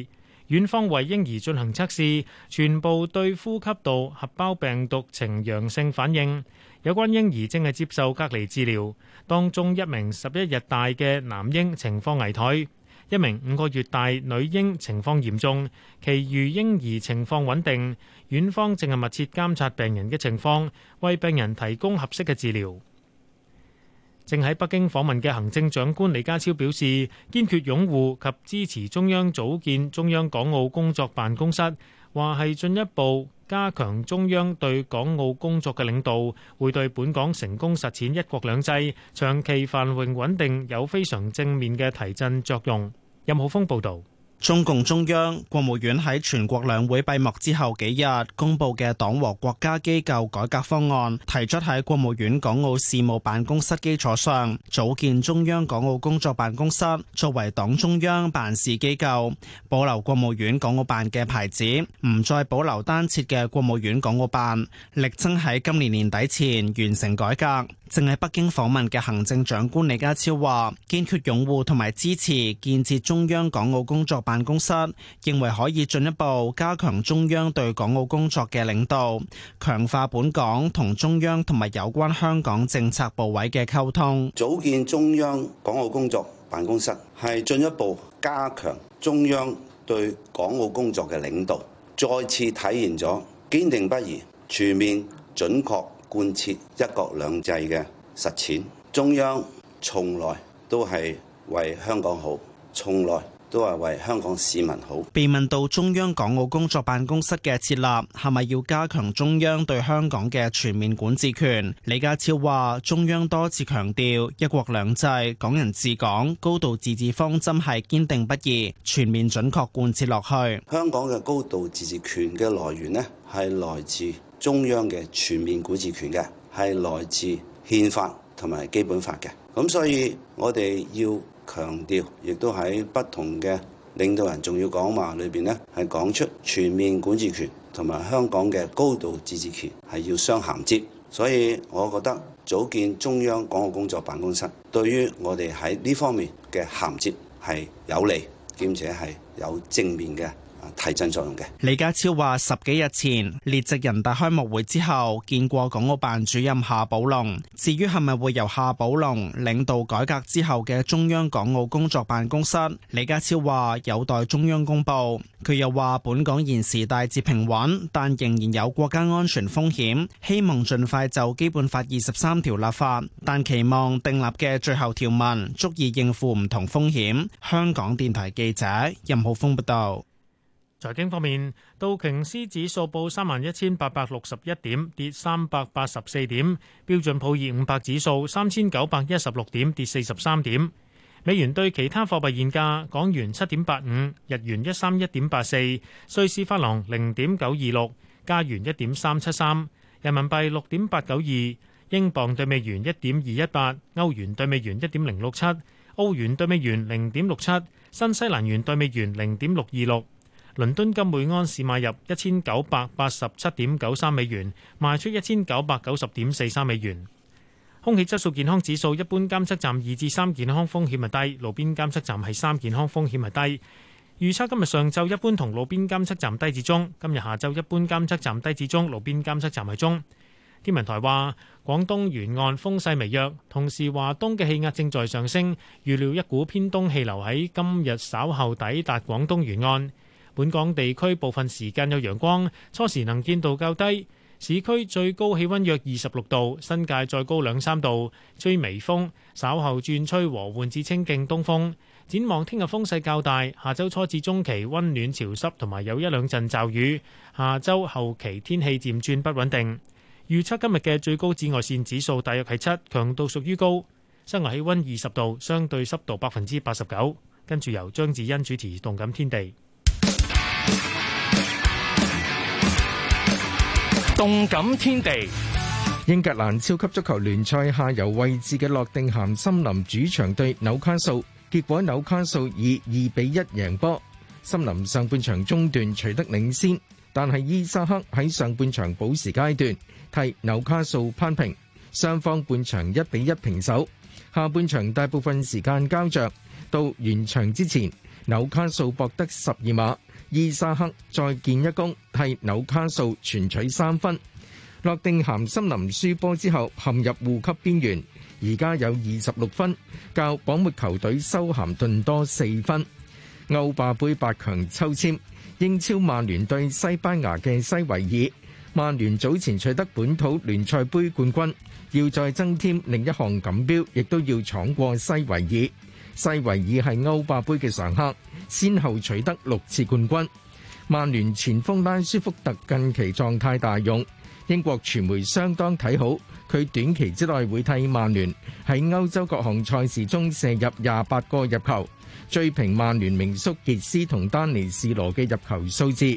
院方為嬰兒進行測試，全部對呼吸道合胞病毒呈陽性反應。有關嬰兒正係接受隔離治療，當中一名十一日大嘅男嬰情況危殆。一名五個月大女嬰情況嚴重，其餘嬰兒情況穩定。院方正係密切監察病人嘅情況，為病人提供合適嘅治療。正喺北京訪問嘅行政長官李家超表示，堅決擁護及支持中央組建中央港澳工作辦公室。話係進一步加強中央對港澳工作嘅領導，會對本港成功實踐一國兩制、長期繁榮穩定有非常正面嘅提振作用。任浩峰報導。中共中央、國務院喺全國兩會閉幕之後幾日公布嘅黨和國家機構改革方案，提出喺國務院港澳事務辦公室基礎上組建中央港澳工作辦公室，作為黨中央辦事機構，保留國務院港澳辦嘅牌子，唔再保留單設嘅國務院港澳辦，力爭喺今年年底前完成改革。正喺北京訪問嘅行政長官李家超話，堅決擁護同埋支持建設中央港澳工作辦公室，認為可以進一步加強中央對港澳工作嘅領導，強化本港同中央同埋有關香港政策部委嘅溝通。組建中央港澳工作辦公室係進一步加強中央對港澳工作嘅領導，再次體現咗堅定不移、全面準確。貫徹一國兩制嘅實踐，中央從來都係為香港好，從來都係為香港市民好。被問到中央港澳工作辦公室嘅設立係咪要加強中央對香港嘅全面管治權，李家超話：中央多次強調一國兩制、港人治港、高度自治方針係堅定不移，全面準確貫徹落去。香港嘅高度自治權嘅來源呢，係來自。中央嘅全面管治權嘅係來自憲法同埋基本法嘅，咁所以我哋要強調亦都喺不同嘅領導人重要講話裏邊咧，係講出全面管治權同埋香港嘅高度自治權係要相銜接，所以我覺得組建中央港澳工作辦公室對於我哋喺呢方面嘅銜接係有利，兼且係有正面嘅。提振作用嘅。李家超話十幾日前列席人大開幕會之後，見過港澳辦主任夏寶龍。至於係咪會由夏寶龍領導改革之後嘅中央港澳工作辦公室，李家超話有待中央公布。佢又話本港現時大致平穩，但仍然有國家安全風險，希望盡快就基本法二十三條立法，但期望訂立嘅最後條文足以應付唔同風險。香港電台記者任浩峰報道。財經方面，道瓊斯指數報三萬一千八百六十一點，跌三百八十四點；標準普爾五百指數三千九百一十六點，跌四十三點。美元對其他貨幣現價：港元七點八五，日元一三一點八四，瑞士法郎零點九二六，加元一點三七三，人民幣六點八九二，英鎊對美元一點二一八，歐元對美元一點零六七，澳元對美元零點六七，新西蘭元對美元零點六二六。倫敦金每安士買入一千九百八十七點九三美元，賣出一千九百九十點四三美元。空氣質素健康指數一般監測站二至三健康風險係低，路邊監測站係三健康風險係低。預測今日上晝一般同路邊監測站低至中，今日下晝一般監測站低至中，路邊監測站係中。天文台話廣東沿岸風勢微弱，同時話東嘅氣壓正在上升，預料一股偏東氣流喺今日稍後抵達廣東沿岸。本港地區部分時間有陽光，初時能見度較低，市區最高氣温約二十六度，新界再高兩三度，吹微風，稍後轉吹和緩至清勁東風。展望聽日風勢較大，下周初至中期温暖潮濕，同埋有一兩陣驟雨，下周後期天氣漸轉不穩定。預測今日嘅最高紫外線指數大約係七，強度屬於高。室外氣温二十度，相對濕度百分之八十九。跟住由張智恩主持《動感天地》。動感天地，英格蘭超級足球聯賽下游位置嘅洛定咸森林主場對紐卡素，結果紐卡素以二比一贏波。森林上半場中段取得領先，但係伊沙克喺上半場補時階段替紐卡素攀平，雙方半場一比一平手。下半場大部分時間交着，到完場之前紐卡素博得十二碼。伊沙克再建一功，替紐卡素全取三分。諾定咸森林輸波之後，陷入護級邊緣，而家有二十六分，較榜末球隊修咸頓多四分。歐霸盃八強抽籤，英超曼聯對西班牙嘅西維爾。曼聯早前取得本土聯賽盃冠軍，要再增添另一項錦標，亦都要闖過西維爾。西維爾係歐霸杯嘅常客，先後取得六次冠軍。曼聯前鋒拉舒福特近期狀態大勇，英國傳媒相當睇好佢短期之內會替曼聯喺歐洲各項賽事中射入廿八個入球，追平曼聯名宿傑斯同丹尼士羅嘅入球數字。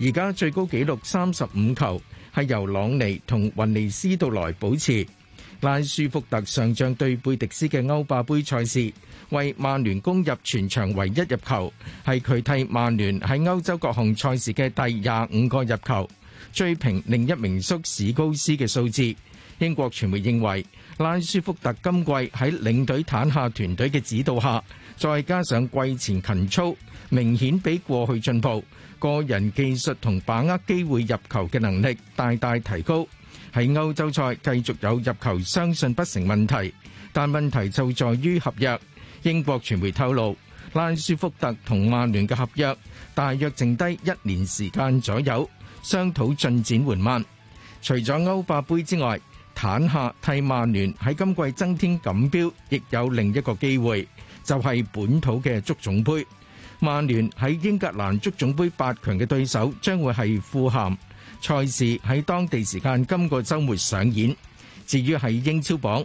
而家最高紀錄三十五球係由朗尼同雲尼斯道來保持。拉舒福特上將對貝迪斯嘅歐霸杯賽事，為曼聯攻入全場唯一入球，係佢替曼聯喺歐洲各項賽事嘅第廿五個入球，追平另一名宿史高斯嘅數字。英國傳媒認為，拉舒福特今季喺領隊坦下團隊嘅指導下，再加上季前勤操，明顯比過去進步，個人技術同把握機會入球嘅能力大大提高，喺歐洲賽繼續有入球，相信不成問題。但問題就在於合約。英國傳媒透露，拉舒福特同曼聯嘅合約大約剩低一年時間左右，商討進展緩慢。除咗歐霸杯之外，坦夏替曼聯喺今季增添錦標，亦有另一個機會，就係本土嘅足總杯。曼聯喺英格蘭足總杯八強嘅對手將會係富咸，賽事喺當地時間今個週末上演。至於喺英超榜，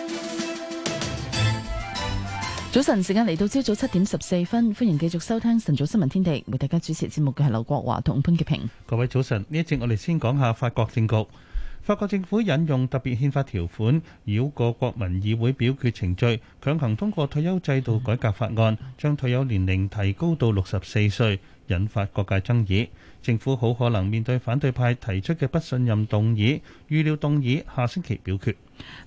早晨，時間嚟到朝早七點十四分，歡迎繼續收聽晨早新聞天地。為大家主持節目嘅係劉國華同潘潔平。各位早晨，呢一節我哋先講下法國政局。法國政府引用特別憲法條款，繞過國民議會表決程序，強行通過退休制度改革法案，將退休年齡提高到六十四歲，引發各界爭議。政府好可能面對反對派提出嘅不信任動議，預料動議下星期表決。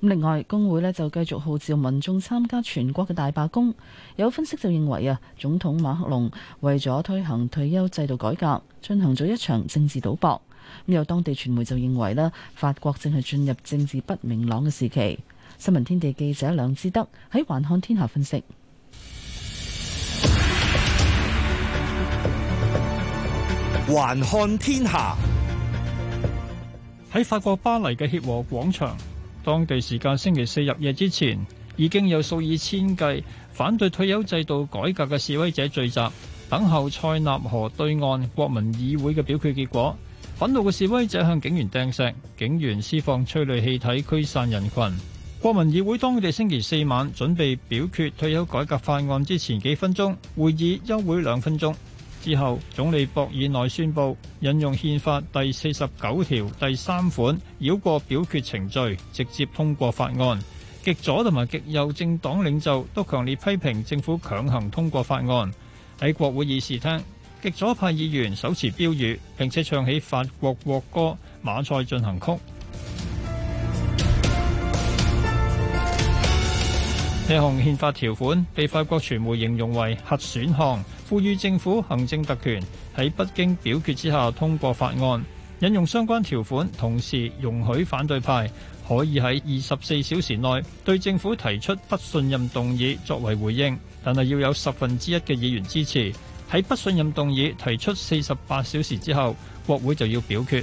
咁另外，工會咧，就繼續號召民眾參加全國嘅大罷工。有分析就認為啊，總統馬克龍為咗推行退休制度改革，進行咗一場政治賭博。咁有當地傳媒就認為呢，法國正係進入政治不明朗嘅時期。新聞天地記者梁志德喺還看天下分析，還看天下喺法國巴黎嘅協和廣場。當地時間星期四入夜之前，已經有數以千計反對退休制度改革嘅示威者聚集，等候塞納河對岸國民議會嘅表決結果。憤怒嘅示威者向警員掟石，警員施放催淚氣體驅散人群。國民議會當地星期四晚準備表決退休改革法案之前幾分鐘，會議休會兩分鐘。之後，總理博爾內宣布引用憲法第四十九條第三款，繞過表決程序直接通過法案。極左同埋極右政黨領袖都強烈批評政府強行通過法案。喺國會議事廳，極左派議員手持標語，並且唱起法國國歌《馬賽進行曲》。呢項憲法條款被法國傳媒形容為核選項，賦予政府行政特權喺不經表決之下通過法案。引用相關條款，同時容許反對派可以喺二十四小時內對政府提出不信任動議作為回應，但係要有十分之一嘅議員支持。喺不信任動議提出四十八小時之後，國會就要表決。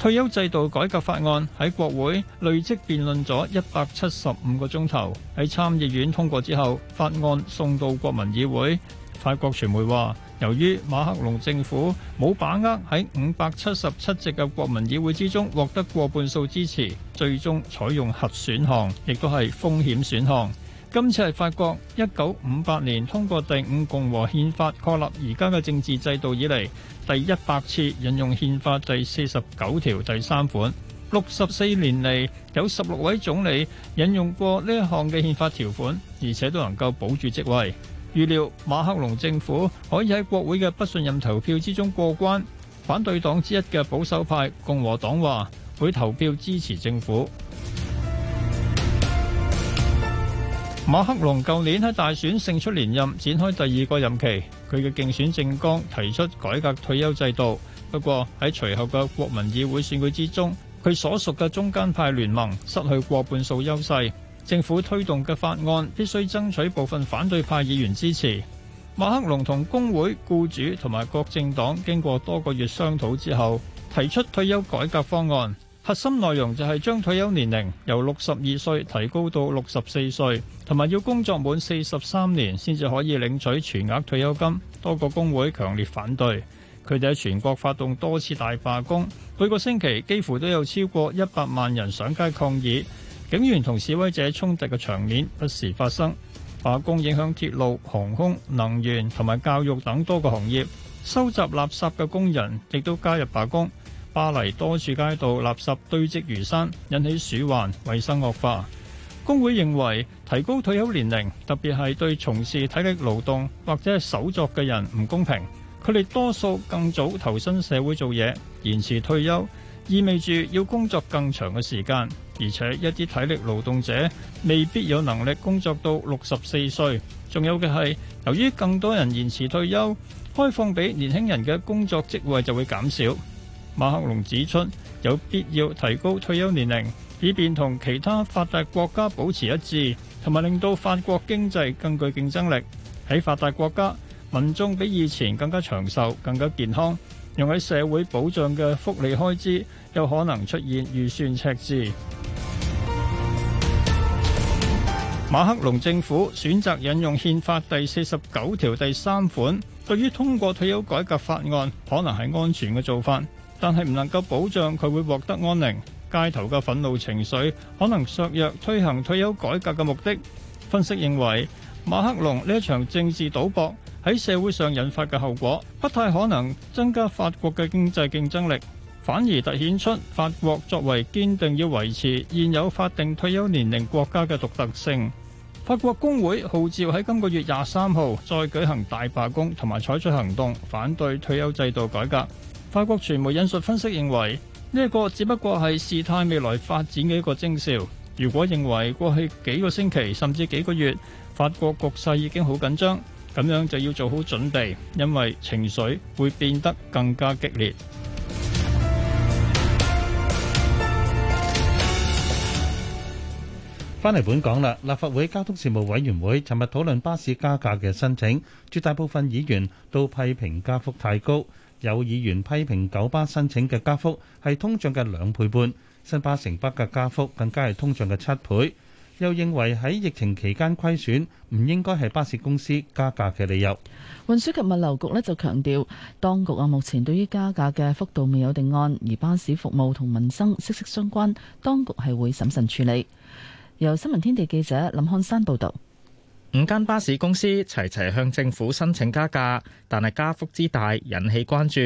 退休制度改革法案喺國會累積辯論咗一百七十五個鐘頭，喺參議院通過之後，法案送到國民議會。法國傳媒話，由於馬克龍政府冇把握喺五百七十七席嘅國民議會之中獲得過半數支持，最終採用核選項，亦都係風險選項。今次係法國一九五八年通過第五共和憲法確立而家嘅政治制度以嚟第一百次引用憲法第四十九條第三款。六十四年嚟有十六位總理引用過呢一項嘅憲法條款，而且都能夠保住職位。預料馬克龍政府可以喺國會嘅不信任投票之中過關，反對黨之一嘅保守派共和黨話會投票支持政府。馬克龍舊年喺大選勝出連任，展開第二個任期。佢嘅競選政綱提出改革退休制度，不過喺隨後嘅國民議會選舉之中，佢所屬嘅中間派聯盟失去過半數優勢，政府推動嘅法案必須爭取部分反對派議員支持。馬克龍同工會、僱主同埋國政黨經過多個月商討之後，提出退休改革方案。核心內容就係將退休年齡由六十二歲提高到六十四歲，同埋要工作滿四十三年先至可以領取全額退休金。多個工會強烈反對，佢哋喺全國發動多次大罷工，每個星期幾乎都有超過一百萬人上街抗議，警員同示威者衝突嘅場面不時發生。罷工影響鐵路、航空、能源同埋教育等多個行業，收集垃圾嘅工人亦都加入罷工。巴黎多處街道垃圾堆積如山，引起鼠患，衛生惡化。工會認為提高退休年齡，特別係對從事體力勞動或者係手作嘅人唔公平。佢哋多數更早投身社會做嘢，延遲退休意味住要工作更長嘅時間，而且一啲體力勞動者未必有能力工作到六十四歲。仲有嘅係，由於更多人延遲退休，開放俾年輕人嘅工作職位就會減少。馬克龍指出，有必要提高退休年齡，以便同其他發達國家保持一致，同埋令到法國經濟更具競爭力。喺發達國家，民眾比以前更加長壽，更加健康，用喺社會保障嘅福利開支有可能出現預算赤字。馬克龍政府選擇引用憲法第四十九條第三款，對於通過退休改革法案，可能係安全嘅做法。但係唔能夠保障佢會獲得安寧，街頭嘅憤怒情緒可能削弱推行退休改革嘅目的。分析認為，馬克龍呢一場政治賭博喺社會上引發嘅後果，不太可能增加法國嘅經濟競爭力，反而突顯出法國作為堅定要維持現有法定退休年齡國家嘅獨特性。法國工會號召喺今個月廿三號再舉行大罷工，同埋採取行動反對退休制度改革。法國傳媒引述分析認為，呢個只不過係事態未來發展嘅一個徵兆。如果認為過去幾個星期甚至幾個月法國局勢已經好緊張，咁樣就要做好準備，因為情緒會變得更加激烈。翻嚟本港啦，立法會交通事務委員會尋日討論巴士加價嘅申請，絕大部分議員都批評加幅太高。有議員批評九巴申請嘅加幅係通脹嘅兩倍半，新巴城巴嘅加幅更加係通脹嘅七倍，又認為喺疫情期間虧損唔應該係巴士公司加價嘅理由。運輸及物流局咧就強調，當局啊目前對於加價嘅幅度未有定案，而巴士服務同民生息息相關，當局係會審慎處理。由新聞天地記者林漢山報道。五間巴士公司齊齊向政府申請加價，但係加幅之大引起關注。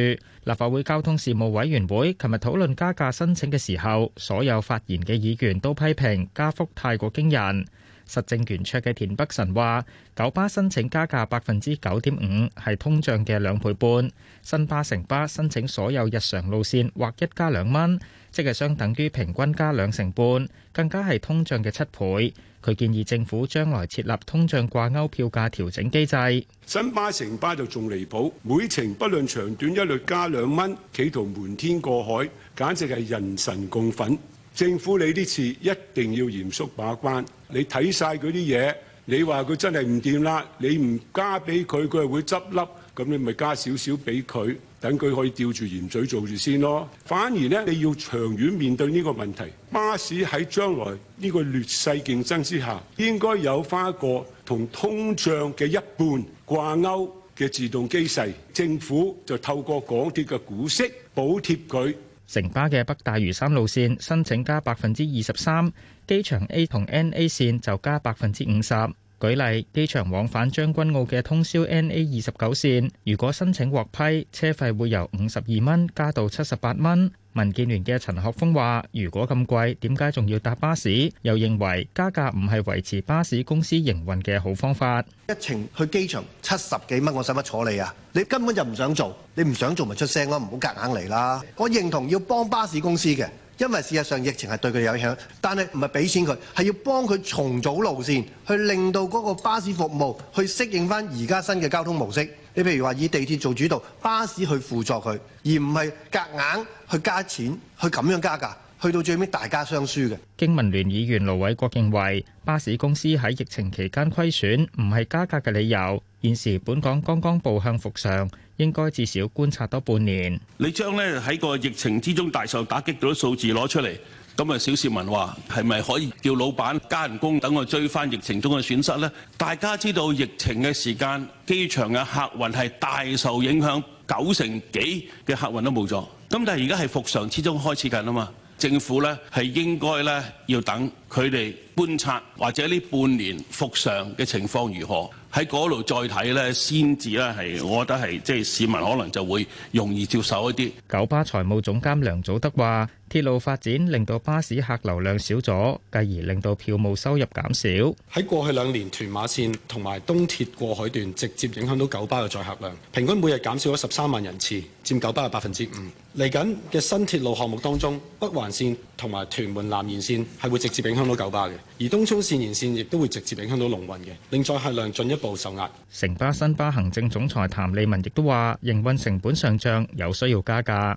立法會交通事務委員會琴日討論加價申請嘅時候，所有發言嘅議員都批評加幅太過驚人。實政圓桌嘅田北辰話：九巴申請加價百分之九點五，係通脹嘅兩倍半；新巴、城巴申請所有日常路綫或一加兩蚊，即係相等於平均加兩成半，更加係通脹嘅七倍。佢建議政府將來設立通脹掛鈎票價調整機制。新巴、城巴就仲離譜，每程不論長短一律加兩蚊，企圖瞞天過海，簡直係人神共憤。政府你呢次一定要嚴肅把關。你睇晒嗰啲嘢，你話，佢真係唔掂啦，你唔加俾佢，佢係會執笠。咁你咪加少少俾佢，等佢可以吊住鹽水做住先咯。反而咧，你要長遠面對呢個問題。巴士喺將來呢個劣勢競爭之下，應該有花一個同通脹嘅一半掛鈎嘅自動機勢，政府就透過港鐵嘅股息補貼佢。城巴嘅北大嶼山路線申請加百分之二十三。機場 A 同 N A 線就加百分之五十。舉例，機場往返將軍澳嘅通宵 N A 二十九線，如果申請獲批，車費會由五十二蚊加到七十八蚊。民建聯嘅陳學鋒話，如果咁貴，點解仲要搭巴士？又認為加價唔係維持巴士公司營運嘅好方法。一程去機場七十幾蚊，我使乜坐你啊？你根本就唔想做，你唔想做咪出聲咯、啊，唔好夾硬嚟啦。我認同要幫巴士公司嘅。因為事實上疫情係對佢有影響，但係唔係俾錢佢，係要幫佢重組路線，去令到嗰個巴士服務去適應翻而家新嘅交通模式。你譬如話以地鐵做主導，巴士去輔助佢，而唔係夾硬去加錢，去咁樣加價，去到最尾大家雙輸嘅。經民聯議員盧偉國認為，巴士公司喺疫情期間虧損唔係加價嘅理由。現時本港剛剛步向復常。應該至少觀察多半年。你將咧喺個疫情之中大受打擊到啲數字攞出嚟，咁啊小市民話係咪可以叫老闆加人工等佢追翻疫情中嘅損失呢？大家知道疫情嘅時間，機場嘅客運係大受影響，九成幾嘅客運都冇咗。咁但係而家係復常之中開始緊啊嘛。政府呢係應該呢要等佢哋觀察或者呢半年復常嘅情況如何。喺嗰度再睇咧，先至咧係我覺得係即係市民可能就會容易接受一啲。九巴財務總監梁祖德話。鐵路發展令到巴士客流量少咗，繼而令到票務收入減少。喺過去兩年，屯馬綫同埋東鐵過海段直接影響到九巴嘅載客量，平均每日減少咗十三萬人次，佔九巴嘅百分之五。嚟緊嘅新鐵路項目當中，北環綫同埋屯門南延綫係會直接影響到九巴嘅，而東涌綫延綫亦都會直接影響到龍運嘅，令載客量進一步受壓。城巴新巴行政總裁譚利文亦都話，營運成本上漲，有需要加價。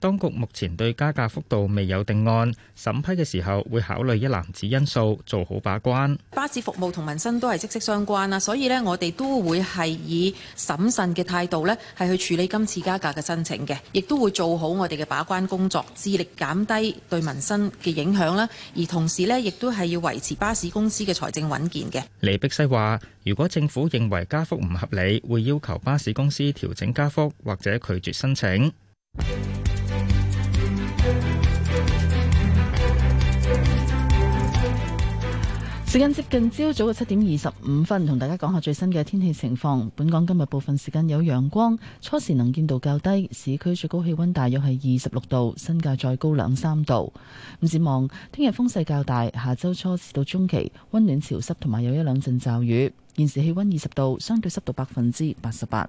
當局目前對加價幅度未有定案，審批嘅時候會考慮一籃子因素，做好把關。巴士服務同民生都係息息相關啦，所以呢，我哋都會係以審慎嘅態度呢係去處理今次加價嘅申請嘅，亦都會做好我哋嘅把關工作，致力減低對民生嘅影響啦。而同時呢，亦都係要維持巴士公司嘅財政穩健嘅。李碧西話，如果政府認為加幅唔合理，會要求巴士公司調整加幅，或者拒絕申請。時間接近朝早嘅七點二十五分，同大家講下最新嘅天氣情況。本港今日部分時間有陽光，初時能見度較低，市區最高氣溫大約係二十六度，新界再高兩三度。展望聽日風勢較大，下周初至到中期溫暖潮濕，同埋有一兩陣驟雨。現時氣溫二十度，相對濕度百分之八十八。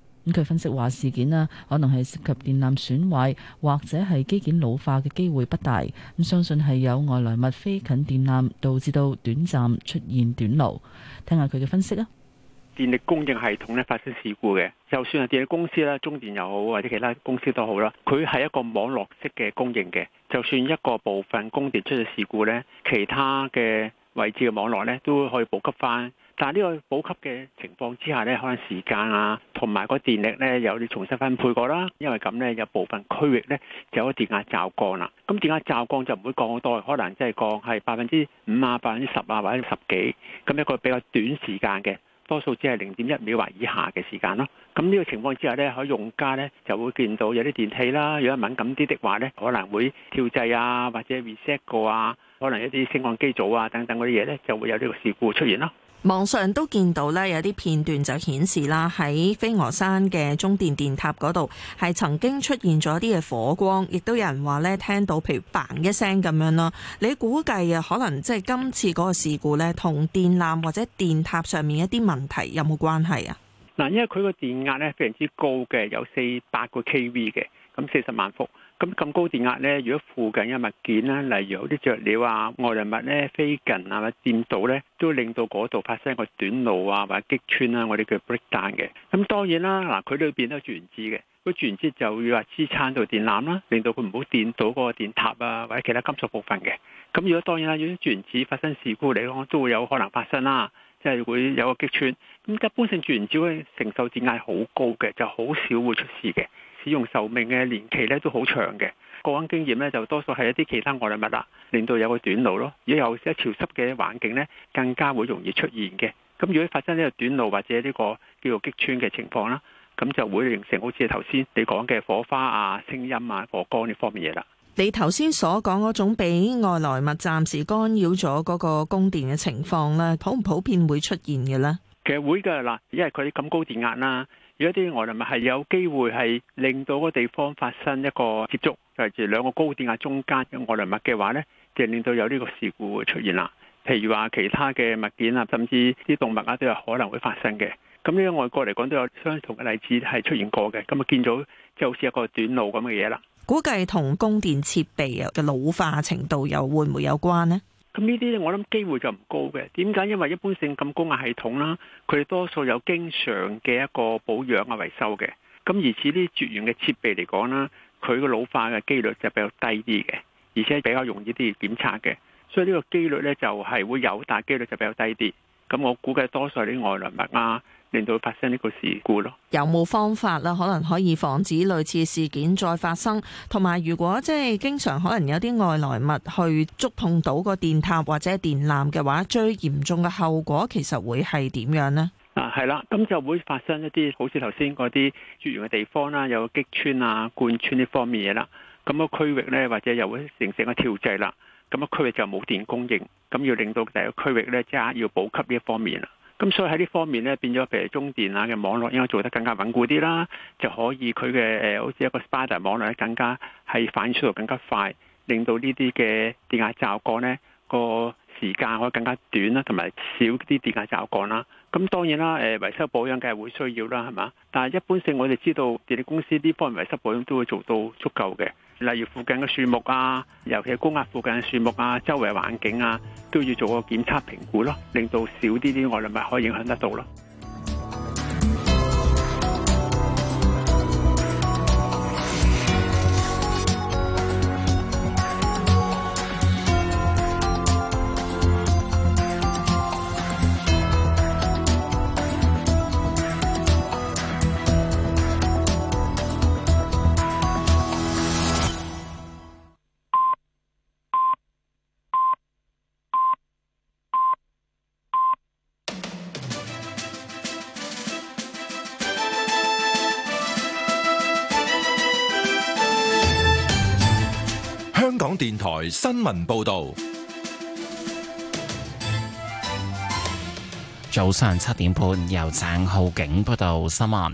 咁佢分析話事件咧，可能係涉及電纜損壞或者係機件老化嘅機會不大。咁相信係有外來物飛近電纜，導致到短暫出現短路。聽下佢嘅分析啦。電力供應系統咧發生事故嘅，就算係電力公司啦，中電又好或者其他公司都好啦，佢係一個網絡式嘅供應嘅。就算一個部分供電出咗事故咧，其他嘅位置嘅網絡咧都可以補給翻。但係呢個補給嘅情況之下呢可能時間啊，同埋個電力呢又有啲重新分配過啦。因為咁呢有部分區域呢就有電壓驟降啦。咁電壓驟降，降就唔會降好多，可能即係降係百分之五啊、百分之十啊或者十幾咁一個比較短時間嘅，多數只係零點一秒或以下嘅時間咯。咁呢個情況之下呢可用家呢就會見到有啲電器啦，如果敏感啲的話呢可能會跳掣啊，或者 reset 過啊，可能一啲升降機組啊等等嗰啲嘢呢就會有呢個事故出現咯。網上都見到咧，有啲片段就顯示啦，喺飛鵝山嘅中電電塔嗰度，係曾經出現咗一啲嘅火光，亦都有人話咧聽到，譬如「嘭」一聲咁樣咯。你估計啊，可能即係今次嗰個事故咧，同電纜或者電塔上面一啲問題有冇關係啊？嗱，因為佢個電壓咧非常之高嘅，有四百個 kv 嘅，咁四十萬伏。咁咁高電壓呢，如果附近有物件咧，例如有啲雀鳥啊、外來物呢、飛近啊、或者掂到呢，都會令到嗰度發生一個短路啊，或者擊穿啊。我哋叫 break down 嘅。咁當然啦，嗱佢裏邊都有絕緣子嘅，個絕緣子就會話支撐到電纜啦，令到佢唔好掂到嗰個電塔啊，或者其他金屬部分嘅。咁如果當然啦，有啲絕緣子發生事故嚟講，都會有可能發生啦，即係會有個擊穿。咁一般性絕緣子會承受電壓好高嘅，就好少會出事嘅。使用壽命嘅年期咧都好長嘅，過往經驗咧就多數係一啲其他外來物啦，令到有個短路咯。如果有一潮濕嘅環境咧，更加會容易出現嘅。咁如果發生呢個短路或者呢個叫做擊穿嘅情況啦，咁就會形成好似頭先你講嘅火花啊、聲音啊、火光呢方面嘢啦。你頭先所講嗰種俾外來物暫時干擾咗嗰個供電嘅情況咧，普唔普遍會出現嘅咧？其實會㗎喇，因為佢咁高電壓啦。如果啲外來物係有機會係令到個地方發生一個接觸，就係住兩個高電壓中間嘅外來物嘅話咧，就令到有呢個事故會出現啦。譬如話其他嘅物件啊，甚至啲動物啊，都有可能會發生嘅。咁呢個外國嚟講都有相同嘅例子係出現過嘅。咁啊見到即係好似一個短路咁嘅嘢啦。估計同供電設備嘅老化程度又會唔會有關呢？咁呢啲咧，我諗機會就唔高嘅。點解？因為一般性咁高壓系統啦，佢哋多數有經常嘅一個保養啊維修嘅。咁而似啲絕緣嘅設備嚟講啦，佢個老化嘅幾率就比較低啲嘅，而且比較容易啲檢查嘅。所以呢個幾率咧就係會有，但係幾率就比較低啲。咁我估計多數啲外來物啊。令到發生呢個事故咯，有冇方法啦？可能可以防止類似事件再發生，同埋如果即係經常可能有啲外來物去觸碰到個電塔或者電纜嘅話，最嚴重嘅後果其實會係點樣呢？啊，係啦，咁就會發生一啲好似頭先嗰啲絕緣嘅地方啦，有擊穿啊、貫穿呢方面嘢啦，咁個區域呢，或者又會形成一個跳掣啦，咁個區域就冇電供應，咁要令到第一區域呢，即刻要補給呢一方面啊。咁、嗯、所以喺呢方面咧，變咗譬如中電啊嘅網絡應該做得更加穩固啲啦，就可以佢嘅誒好似一個 spider 網絡咧，更加係反應速度更加快，令到呢啲嘅電壓驟降咧個。時間可以更加短啦，同埋少啲電壓驟降啦。咁當然啦，誒維修保養梗係會需要啦，係嘛？但係一般性我哋知道電力公司呢方面維修保養都會做到足夠嘅。例如附近嘅樹木啊，尤其係高壓附近嘅樹木啊，周圍環境啊，都要做個檢測評估咯，令到少啲啲外力咪可以影響得到咯。電台新聞報道：早上七點半，由鄭浩景報導新聞。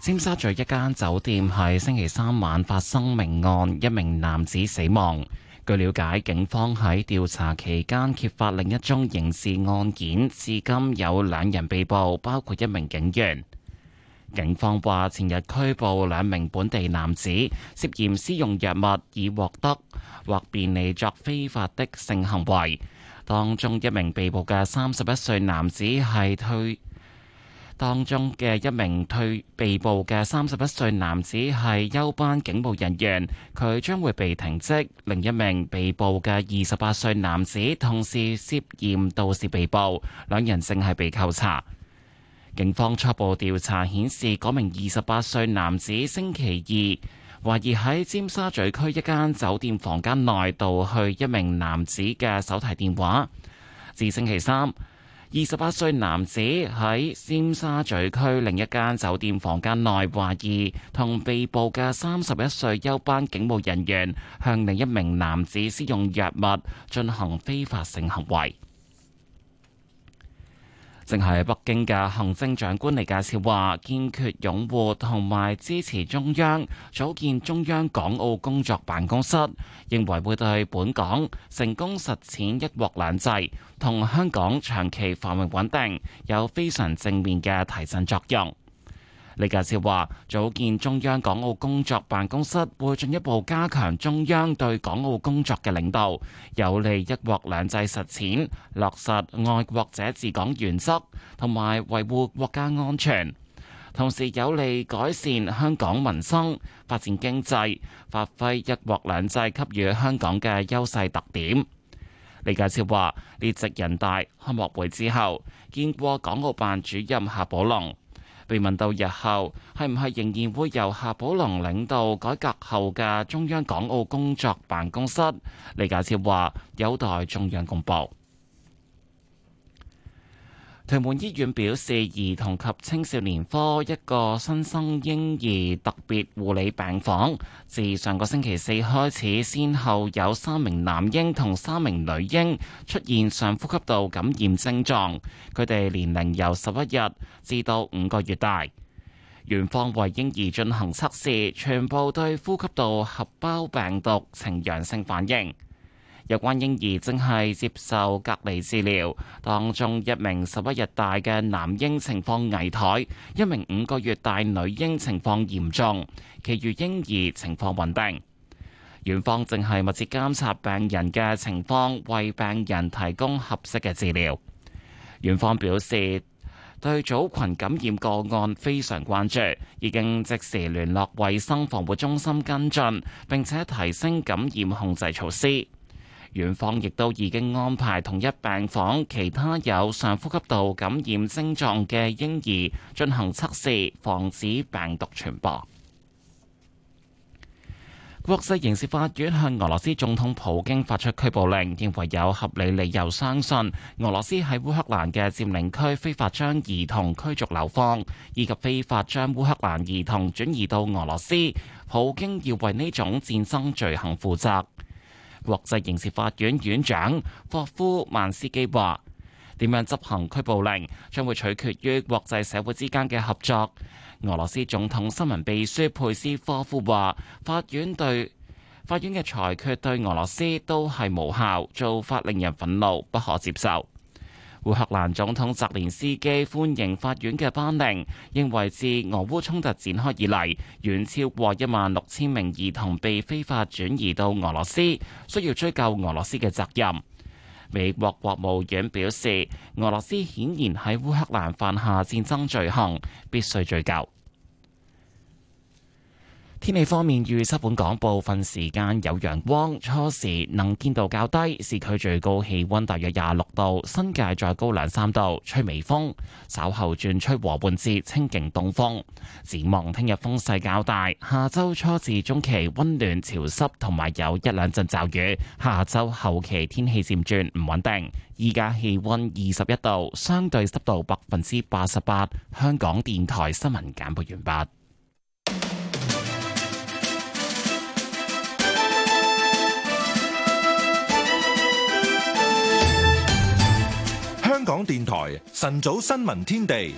尖沙咀一間酒店喺星期三晚發生命案，一名男子死亡。據了解，警方喺調查期間揭發另一宗刑事案件，至今有兩人被捕，包括一名警員。警方話：前日拘捕兩名本地男子，涉嫌私用藥物以獲得或便利作非法的性行為。當中一名被捕嘅三十一歲男子係退，當中嘅一名退被捕嘅三十一歲男子係休班警務人員，佢將會被停職。另一名被捕嘅二十八歲男子同時涉嫌盜竊被捕，兩人正係被扣查。警方初步調查顯示，嗰名二十八歲男子星期二懷疑喺尖沙咀區一間酒店房間內盜去一名男子嘅手提電話。至星期三，二十八歲男子喺尖沙咀區另一間酒店房間內懷疑同被捕嘅三十一歲休班警務人員向另一名男子施用藥物，進行非法性行為。正喺北京嘅行政長官嚟介紹話，堅決擁護同埋支持中央組建中央港澳工作辦公室，認為會對本港成功實踐一國兩制同香港長期繁榮穩定有非常正面嘅提振作用。李家超話：組建中央港澳工作辦公室會進一步加強中央對港澳工作嘅領導，有利一國兩制實踐，落實愛國者治港原則，同埋維護國家安全，同時有利改善香港民生、發展經濟、發揮一國兩制給予香港嘅優勢特點。李家超話：列席人大開幕會之後，見過港澳辦主任夏寶龍。被問到日後係唔係仍然會由夏寶龍領導改革後嘅中央港澳工作辦公室，李家超話有待中央公布。屯門醫院表示，兒童及青少年科一個新生嬰兒特別護理病房，自上個星期四開始，先後有三名男嬰同三名女嬰出現上呼吸道感染症狀。佢哋年齡由十一日至到五個月大。院方為嬰兒進行測試，全部對呼吸道合胞病毒呈陽性反應。有關嬰兒正係接受隔離治療，當中一名十一日大嘅男嬰情況危殆，一名五個月大女嬰情況嚴重，其餘嬰兒情況穩定。院方正係密切監察病人嘅情況，為病人提供合適嘅治療。院方表示對組群感染個案非常關注，已經即時聯絡衛生防護中心跟進，並且提升感染控制措施。院方亦都已經安排同一病房其他有上呼吸道感染症狀嘅嬰兒進行測試，防止病毒傳播。國際刑事法院向俄羅斯總統普京發出拘捕令，認為有合理理由相信俄羅斯喺烏克蘭嘅佔領區非法將兒童驅逐流放，以及非法將烏克蘭兒童轉移到俄羅斯。普京要為呢種戰爭罪行負責。國際刑事法院院長霍夫曼斯基話：點樣執行拘捕令將會取決於國際社會之間嘅合作。俄羅斯總統新聞秘書佩斯科夫話：法院對法院嘅裁決對俄羅斯都係無效，做法令人憤怒，不可接受。烏克蘭總統澤連斯基歡迎法院嘅判令，認為自俄烏衝突展開以嚟，遠超過一萬六千名兒童被非法轉移到俄羅斯，需要追究俄羅斯嘅責任。美國國務院表示，俄羅斯顯然喺烏克蘭犯下戰爭罪行，必須追究。天氣方面，預測本港部分時間有陽光，初時能見度較低，市區最高氣溫大約廿六度，新界再高兩三度，吹微風，稍後轉吹和緩至清勁東風。展望聽日風勢較大，下周初至中期溫暖潮濕，同埋有，有一兩陣驟雨，下周後期天氣漸轉唔穩定。依家氣溫二十一度，相對濕度百分之八十八。香港電台新聞簡報完畢。香港電台晨早新聞天地，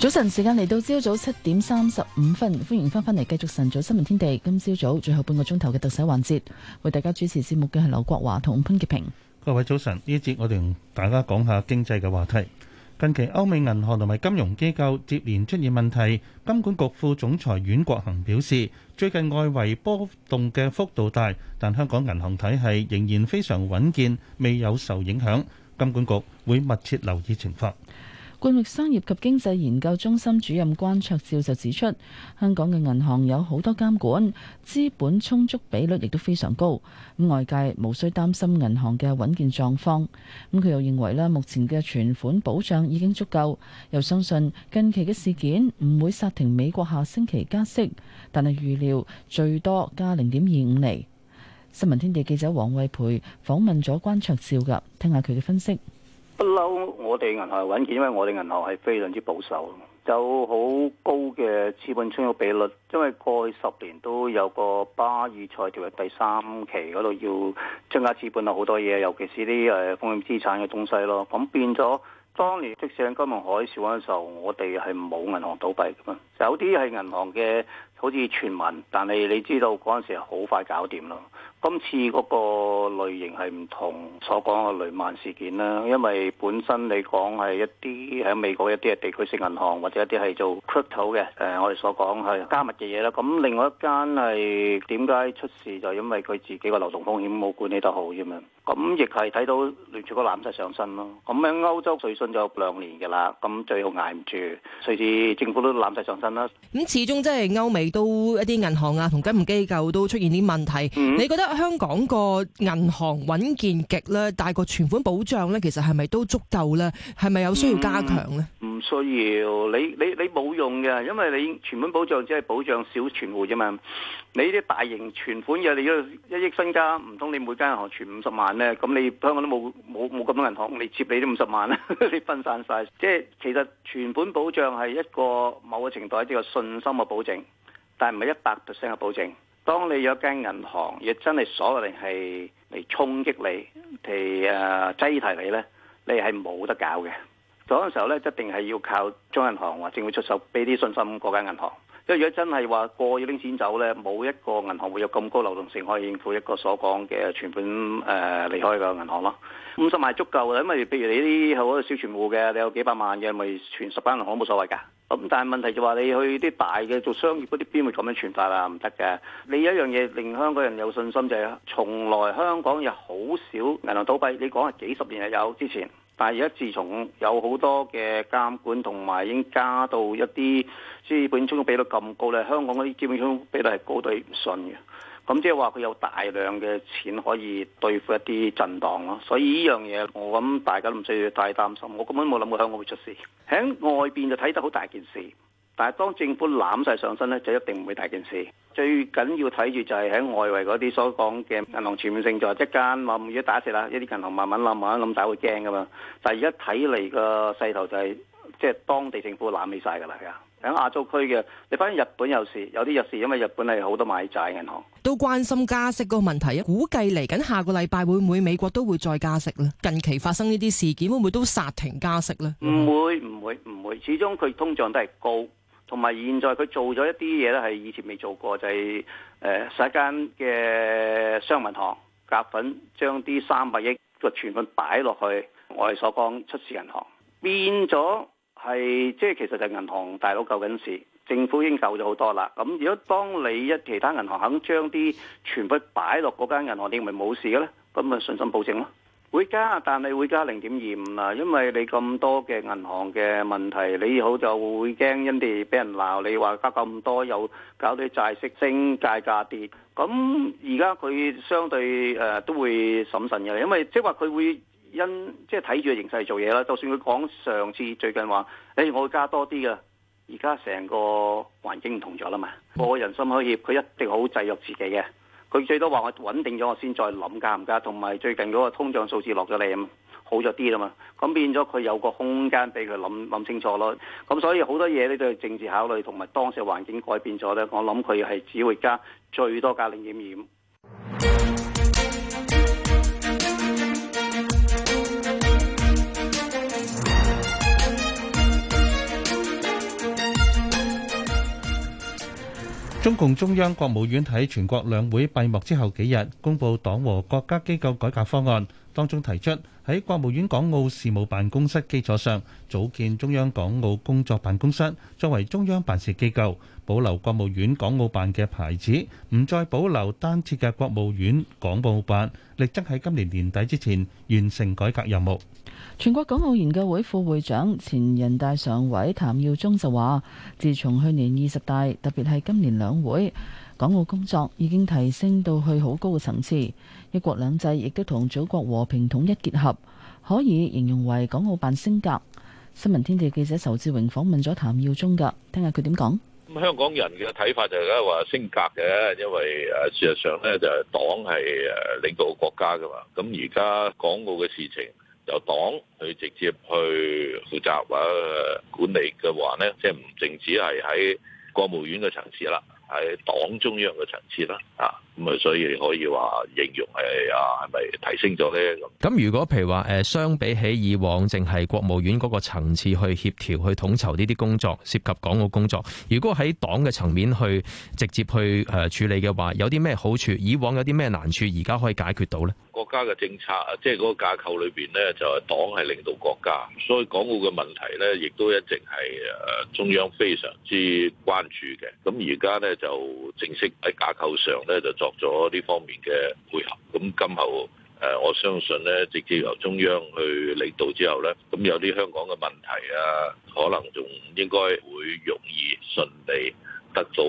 早晨時間嚟到朝早七點三十五分，歡迎翻返嚟繼續晨早新聞天地。今朝早最後半個鐘頭嘅特首環節，為大家主持節目嘅係劉國華同潘潔平。各位早晨，呢一節我哋同大家講下經濟嘅話題。近期歐美銀行同埋金融機構接連出現問題，金管局副總裁阮國恒表示，最近外圍波動嘅幅度大，但香港銀行體系仍然非常穩健，未有受影響。金管局會密切留意情況。匯業商業及經濟研究中心主任關卓照就指出，香港嘅銀行有好多監管，資本充足比率亦都非常高，外界無需擔心銀行嘅穩健狀況。佢又認為咧，目前嘅存款保障已經足夠，又相信近期嘅事件唔會煞停美國下星期加息，但係預料最多加零點二五厘。新聞天地記者黃惠培訪問咗關卓照噶，聽下佢嘅分析。不嬲，我哋銀行穩健，因為我哋銀行係非常之保守，就好高嘅資本充足比率。因為過去十年都有個巴塞爾條第三期嗰度，要增加資本好多嘢，尤其是啲誒風險資產嘅東西咯。咁變咗當年即使喺金融海嘯嘅時候，我哋係冇銀行倒閉嘅嘛，有啲係銀行嘅。好似傳聞，但係你知道嗰陣時好快搞掂咯。今次嗰個類型係唔同所講嘅雷曼事件啦，因為本身你講係一啲喺美國一啲係地區性銀行或者一啲係做 crypto 嘅，誒我哋所講係加密嘅嘢啦。咁、嗯、另外一間係點解出事就係、因為佢自己個流動風險冇管理得好咁樣。咁亦係睇到連住個攬晒上身咯。咁、嗯、喺、嗯、歐洲瑞信咗兩年嘅啦，咁最後捱唔住，隨住政府都攬晒上身啦。咁始終即係歐美。都一啲銀行啊，同金融機構都出現啲問題。嗯、你覺得香港個銀行穩健極咧，大個存款保障咧，其實係咪都足夠咧？係咪有需要加強咧？唔、嗯、需要，你你你冇用嘅，因為你存款保障只係保障少存戶啫嘛。你啲大型存款嘅，你都一億身家，唔通你每間銀行存五十萬咧？咁你香港都冇冇冇咁多銀行你接你啲五十萬咧？ 你分散晒。即係其實存款保障係一個某個程度係、就係、一個信心嘅保證。但唔係一百 percent 嘅保證。當你有間銀行，亦真係所謂係嚟衝擊你，嚟誒擠提你咧，你係冇得搞嘅。嗰陣時候咧，一定係要靠中央銀行或政府出手，俾啲信心嗰間銀行。因為如果真係話過要拎錢走咧，冇一個銀行會有咁高流動性可以應付一個所講嘅存款誒離開個銀行咯。五十萬係足夠嘅，因為譬如你啲好小存戶嘅，你有幾百萬嘅，咪存十間銀行都冇所謂㗎。咁但係問題就話你去啲大嘅做商業嗰啲，邊會咁樣傳達啦？唔得嘅。你有一樣嘢令香港人有信心就係、是，從來香港有好少銀行倒閉。你講係幾十年係有之前，但係而家自從有好多嘅監管同埋已經加到一啲資本充足比率咁高咧，香港嗰啲資本充足比率係高到係唔信嘅。咁即係話佢有大量嘅錢可以對付一啲震盪咯，所以呢樣嘢我諗大家都唔需要太擔心，我根本冇諗過香港會出事。喺外邊就睇得好大件事，但係當政府攬晒上身咧，就一定唔會大件事。最緊要睇住就係喺外圍嗰啲所講嘅銀行全面性就係，一間話唔要打折啦，一啲銀行慢慢諗，慢慢諗，大家會驚噶嘛。但係而家睇嚟個勢頭就係即係當地政府攬起晒㗎啦。係啊。喺亞洲區嘅，你反而日本有事，有啲有事，因為日本係好多買債銀行。都關心加息嗰個問題啊！估計嚟緊下，下個禮拜會唔會美國都會再加息咧？近期發生呢啲事件會唔會都殺停加息咧？唔、嗯、會，唔會，唔會。始終佢通脹都係高，同埋現在佢做咗一啲嘢咧，係以前未做過，就係誒十一間嘅商銀行夾份，將啲三百億個存款擺落去我哋所講出事銀行，變咗。係，即係其實就係銀行大佬救緊事，政府已經救咗好多啦。咁如果當你一其他銀行肯將啲全部擺落嗰間銀行，你咪冇事嘅咧。咁咪信心保證咯。會加，但係會加零點二五啊，因為你咁多嘅銀行嘅問題，你好就會驚人哋俾人鬧你話加咁多，又搞啲債息升、債價跌。咁而家佢相對誒都會審慎嘅，因為即係話佢會。因即係睇住個形勢嚟做嘢啦，就算佢講上次最近話，誒我會加多啲㗎，而家成個環境唔同咗啦嘛。個人心開闊，佢一定好制約自己嘅。佢最多話我穩定咗，我先再諗加唔加。同埋最近嗰個通脹數字落咗嚟，好咗啲啦嘛。咁變咗佢有個空間俾佢諗諗清楚咯。咁所以好多嘢咧都係政治考慮，同埋當時嘅環境改變咗呢。我諗佢係只會加最多加零點二中共中央、國務院喺全國兩會閉幕之後幾日，公布黨和國家機構改革方案。當中提出，喺國務院港澳事務辦公室基礎上，組建中央港澳工作辦公室，作為中央辦事機構，保留國務院港澳辦嘅牌子，唔再保留單設嘅國務院港澳辦，力爭喺今年年底之前完成改革任務。全國港澳研究會副會長、前人大常委譚耀宗就話，自從去年二十大，特別係今年兩會，港澳工作已經提升到去好高嘅層次。一國兩制亦都同祖國和平統一結合，可以形容為港澳辦升格。新聞天地記者仇志榮訪問咗譚耀宗噶，聽下佢點講。咁香港人嘅睇法，就而家話升格嘅，因為誒事實上咧就係黨係誒領導國家噶嘛。咁而家港澳嘅事情由黨去直接去負責或者管理嘅話呢，即係唔淨止係喺國務院嘅層次啦，喺黨中央嘅層次啦，啊。咁啊，所以可以話形容係啊，係咪提升咗咧？咁如果譬如話誒，相比起以往，淨係國務院嗰個層次去協調，去統籌呢啲工作，涉及港澳工作，如果喺黨嘅層面去直接去誒、呃、處理嘅話，有啲咩好處，以往有啲咩難處，而家可以解決到咧？國家嘅政策，啊，即係嗰個架構裏邊咧，就係黨係領導國家，所以港澳嘅問題咧，亦都一直係誒中央非常之關注嘅。咁而家咧就正式喺架構上咧就作咗呢方面嘅配合，咁今後誒、呃，我相信咧，直接由中央去領導之後咧，咁有啲香港嘅問題啊，可能仲應該會容易順利。得到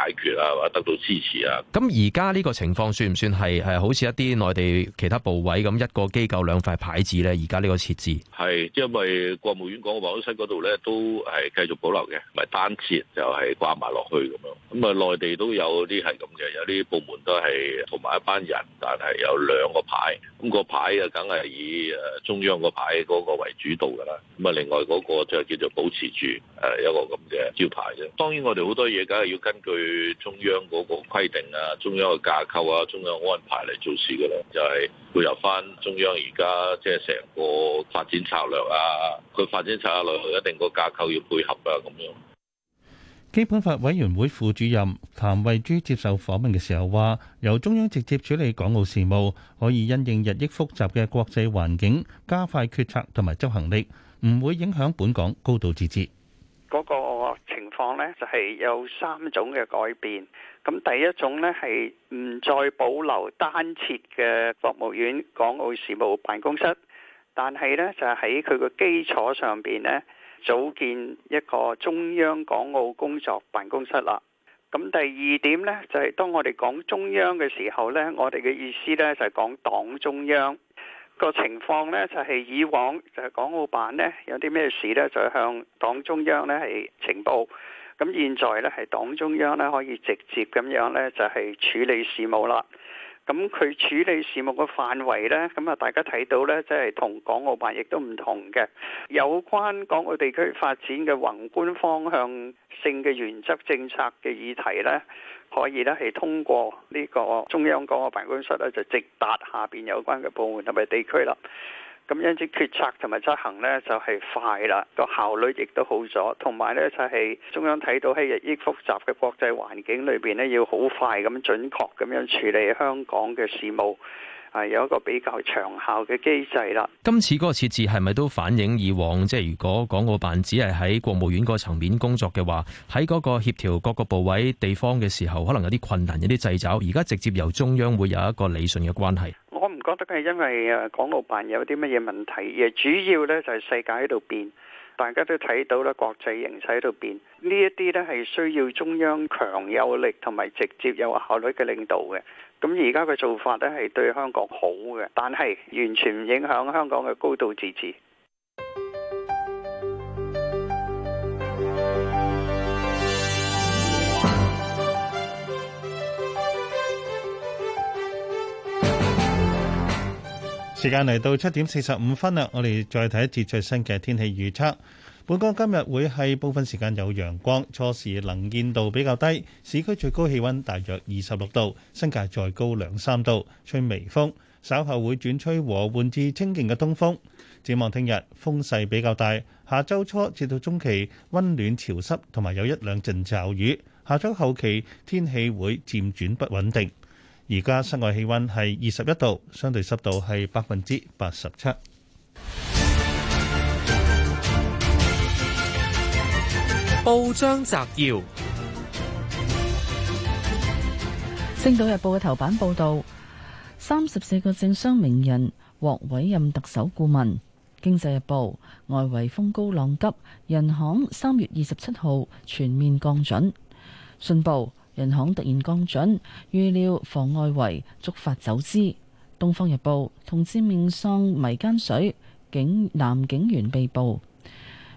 解決啊，或者得到支持啊。咁而家呢個情況算唔算係係好似一啲內地其他部位咁一,一個機構兩塊牌子咧？而家呢個設置係，因為國務院港澳辦公室嗰度咧都係繼續保留嘅，唔係單設就係掛埋落去咁樣。咁啊，內地都有啲係咁嘅，有啲部門都係同埋一班人，但係有兩個牌。咁、那個牌啊，梗係以誒中央個牌嗰個為主導㗎啦。咁啊，另外嗰個就叫做保持住誒一個咁嘅招牌啫。當然我哋好多。啲嘢梗係要根據中央嗰個規定啊，中央嘅架構啊，中央安排嚟做事嘅啦，就係會由翻中央而家即係成個發展策略啊，佢發展策略一定個架構要配合啊，咁樣。基本法委員會副主任譚慧珠接受訪問嘅時候話由中央直接處理港澳事務可以因應日益複雜嘅國際環境，加快決策同埋執行力，唔會影響本港高度自治。嗰個。況呢就係有三種嘅改變，咁第一種呢係唔再保留單設嘅國務院港澳事務辦公室，但係呢就喺佢嘅基礎上邊呢組建一個中央港澳工作辦公室啦。咁第二點呢就係當我哋講中央嘅時候呢，我哋嘅意思呢就係講黨中央。個情況呢，就係、是、以往就係港澳辦呢，有啲咩事呢，就向黨中央呢係呈報，咁現在呢，係黨中央呢，可以直接咁樣呢，就係、是、處理事務啦。咁佢處理事務嘅範圍呢，咁啊大家睇到呢，即係同港澳辦亦都唔同嘅，有關港澳地區發展嘅宏觀方向性嘅原則政策嘅議題呢。可以咧，係通過呢個中央個辦公室咧，就直達下邊有關嘅部門同埋地區啦。咁因此決策同埋執行呢，就係、是、快啦，個效率亦都好咗。同埋呢，就係、是、中央睇到喺日益複雜嘅國際環境裏邊呢，要好快咁準確咁樣處理香港嘅事務。係有一個比較長效嘅機制啦。今次嗰個設置係咪都反映以往，即係如果港澳辦只係喺國務院個層面工作嘅話，喺嗰個協調各個部委地方嘅時候，可能有啲困難，有啲掣肘。而家直接由中央會有一個理順嘅關係。我唔覺得係因為啊，港澳辦有啲乜嘢問題，而主要呢就係世界喺度變。大家都睇到啦，國際形勢喺度變，呢一啲呢係需要中央強有力同埋直接有效率嘅領導嘅。咁而家嘅做法呢，係對香港好嘅，但係完全唔影響香港嘅高度自治。時間嚟到七點四十五分啦，我哋再睇一次最新嘅天氣預測。本港今日會係部分時間有陽光，初時能見度比較低，市區最高氣温大約二十六度，新界再高兩三度，吹微風。稍後會轉吹和緩至清勁嘅東風。展望聽日風勢比較大，下周初至到中期温暖潮濕，同埋有,有一兩陣驟雨。下周後期天氣會漸轉不穩定。而家室外氣温係二十一度，相對濕度係百分之八十七。報章摘要：《星島日報》嘅頭版報導，三十四個政商名人獲委任特首顧問。《經濟日報》外圍風高浪急，人行三月二十七號全面降準。信報人行突然降準，預料防外圍觸發走資。《東方日報》同志命喪迷奸，水警男警員被捕。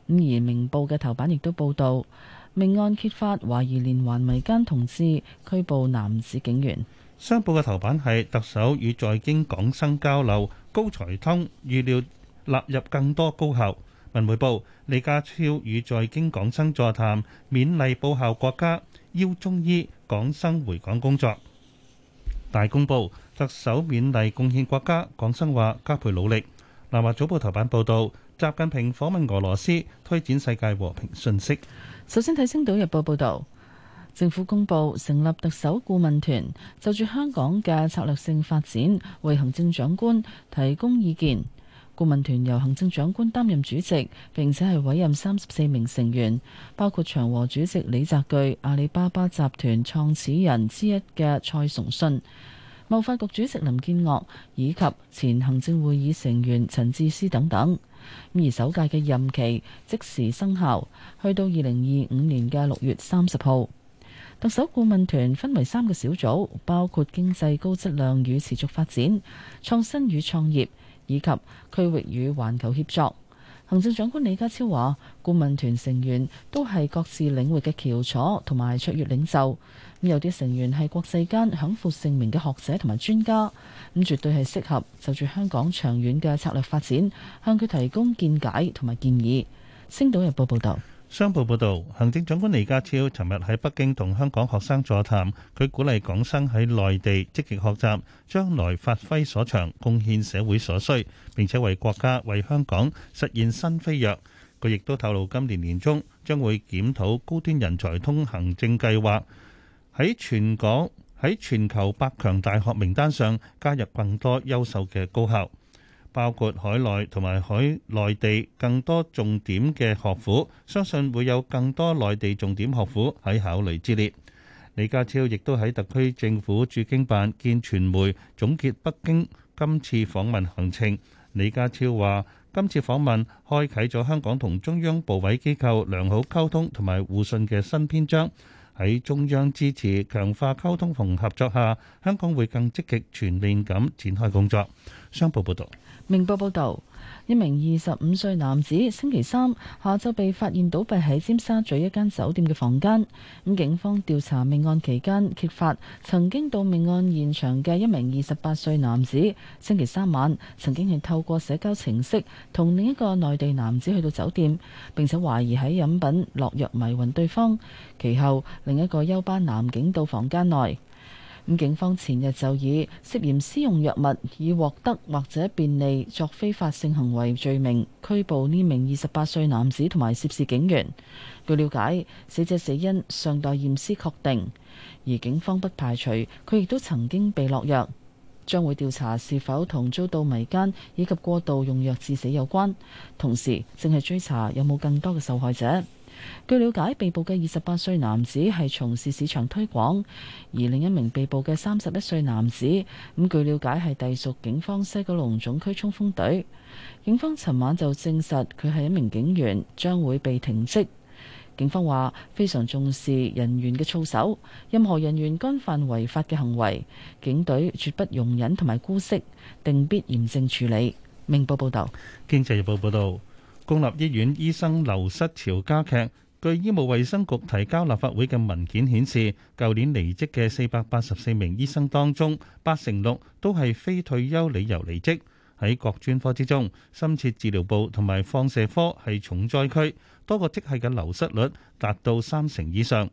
而《明報》嘅頭版亦都報道命案揭發，懷疑連環迷奸同志，拘捕男子警員。商報嘅頭版係特首與在京港生交流，高才通預料納入更多高校。文匯報：李家超與在京港生座談，勉勵報效國家，邀中醫港生回港工作。大公報：特首勉勵貢獻國家，港生話加倍努力。南華早報頭版報道：習近平訪問俄羅斯，推展世界和平信息。首先睇《星島日報》報道，政府公布成立特首顧問團，就住香港嘅策略性發展為行政長官提供意見。顧問團由行政長官擔任主席，並且係委任三十四名成員，包括長和主席李澤鉅、阿里巴巴集團創始人之一嘅蔡崇信、貿發局主席林建岳以及前行政會議成員陳智思等等。而首屆嘅任期即時生效，去到二零二五年嘅六月三十號。特首顧問團分為三個小組，包括經濟高質量與持續發展、創新與創業，以及區域與環球協作。行政長官李家超話，顧問團成員都係各自領域嘅翹楚同埋卓越領袖，咁有啲成員係國際間享負盛名嘅學者同埋專家，咁絕對係適合就住香港長遠嘅策略發展，向佢提供見解同埋建議。星島日報報道。商報報導，行政長官李家超尋日喺北京同香港學生座談，佢鼓勵港生喺內地積極學習，將來發揮所長，貢獻社會所需，並且為國家、為香港實現新飛躍。佢亦都透露，今年年中將會檢討高端人才通行證計劃，喺全港喺全球百強大學名單上加入更多優秀嘅高校。包括海內同埋海內地更多重點嘅學府，相信會有更多內地重點學府喺考慮之列。李家超亦都喺特區政府駐京辦見傳媒，總結北京今次訪問行程。李家超話今次訪問開啟咗香港同中央部委機構良好溝通同埋互信嘅新篇章。喺中央支持、強化溝通同合作下，香港會更積極全面咁展開工作。商報報道。明報報道，一名二十五歲男子星期三下晝被發現倒斃喺尖沙咀一間酒店嘅房間。咁警方調查命案期間，揭發曾經到命案現場嘅一名二十八歲男子，星期三晚曾經係透過社交程式同另一個內地男子去到酒店，並且懷疑喺飲品落藥迷暈對方。其後另一個休班男警到房間內。咁警方前日就以涉嫌私用藥物以獲得或者便利作非法性行為罪名拘捕呢名二十八歲男子同埋涉事警員。據了解，死者死因尚待驗屍確定，而警方不排除佢亦都曾經被落藥，將會調查是否同遭到迷奸以及過度用藥致死有關。同時，正係追查有冇更多嘅受害者。據了解，被捕嘅二十八歲男子係從事市場推廣，而另一名被捕嘅三十一歲男子，咁據了解係隸屬警方西九龍總區衝鋒隊。警方尋晚就證實佢係一名警員，將會被停職。警方話非常重視人員嘅操守，任何人員干犯違法嘅行為，警隊絕不容忍同埋姑息，定必嚴正處理。明報報道，經濟日報報道。公立醫院醫生流失潮加劇。據醫務衛生局提交立法會嘅文件顯示，舊年離職嘅四百八十四名醫生當中，八成六都係非退休理由離職。喺各專科之中，深切治療部同埋放射科係重災區，多個職系嘅流失率達到三成以上。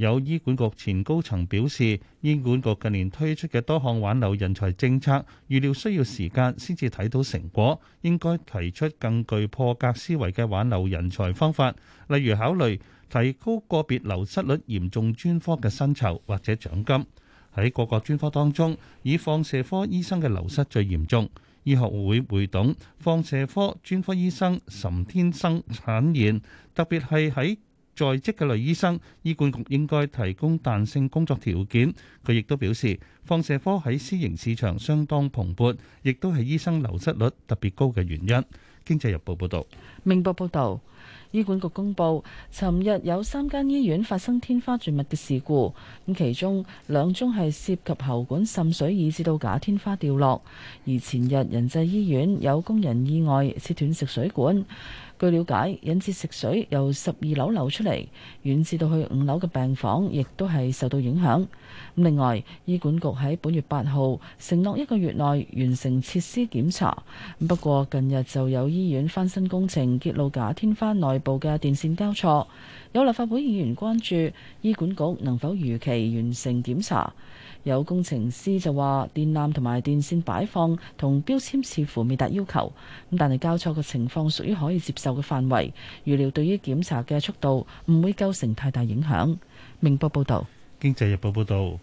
有醫管局前高層表示，醫管局近年推出嘅多項挽留人才政策，預料需要時間先至睇到成果，應該提出更具破格思維嘅挽留人才方法，例如考慮提高個別流失率嚴重專科嘅薪酬或者獎金。喺各個專科當中，以放射科醫生嘅流失最嚴重。醫學會會董放射科專科醫生岑天生坦言，特別係喺在職嘅女醫生，醫管局應該提供彈性工作條件。佢亦都表示，放射科喺私營市場相當蓬勃，亦都係醫生流失率特別高嘅原因。經濟日報報道：「明報報道，醫管局公布，尋日有三間醫院發生天花墜物嘅事故，咁其中兩宗係涉及喉管滲水，以致到假天花掉落。而前日仁濟醫院有工人意外切斷食水管。據了解，引致食水由十二樓流出嚟，遠至到去五樓嘅病房，亦都係受到影響。咁另外，醫管局喺本月八號承諾一個月內完成設施檢查，不過近日就有醫院翻新工程揭露假天花內部嘅電線交錯，有立法會議員關注醫管局能否如期完成檢查。有工程師就話，電纜同埋電線擺放同標籤似乎未達要求，咁但係交錯嘅情況屬於可以接受嘅範圍。預料對於檢查嘅速度唔會構成太大影響。明報報導，《經濟日報》報導，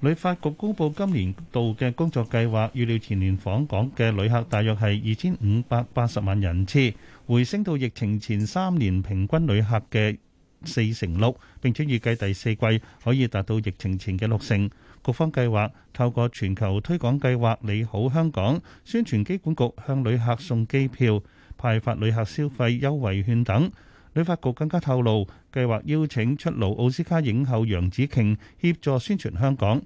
旅發局公佈今年度嘅工作計劃，預料全年訪港嘅旅客大約係二千五百八十萬人次，回升到疫情前三年平均旅客嘅四成六，並且預計第四季可以達到疫情前嘅六成。局方計劃透過全球推廣計劃你好香港，宣傳機管局向旅客送機票、派發旅客消費優惠券等。旅發局更加透露，計劃邀請出爐奧斯卡影后楊紫瓊協助宣傳香港。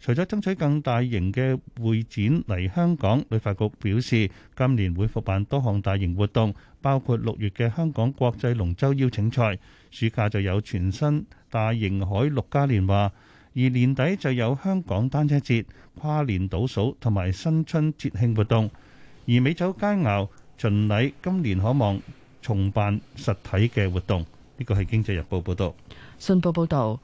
除咗爭取更大型嘅會展嚟香港，旅發局表示今年會復辦多項大型活動，包括六月嘅香港國際龍舟邀請賽，暑假就有全新大型海陸嘉年華。而年底就有香港單車節、跨年倒數同埋新春節慶活動，而美酒佳餚巡禮今年可望重辦實體嘅活動。呢個係經濟日報報導，信報報導。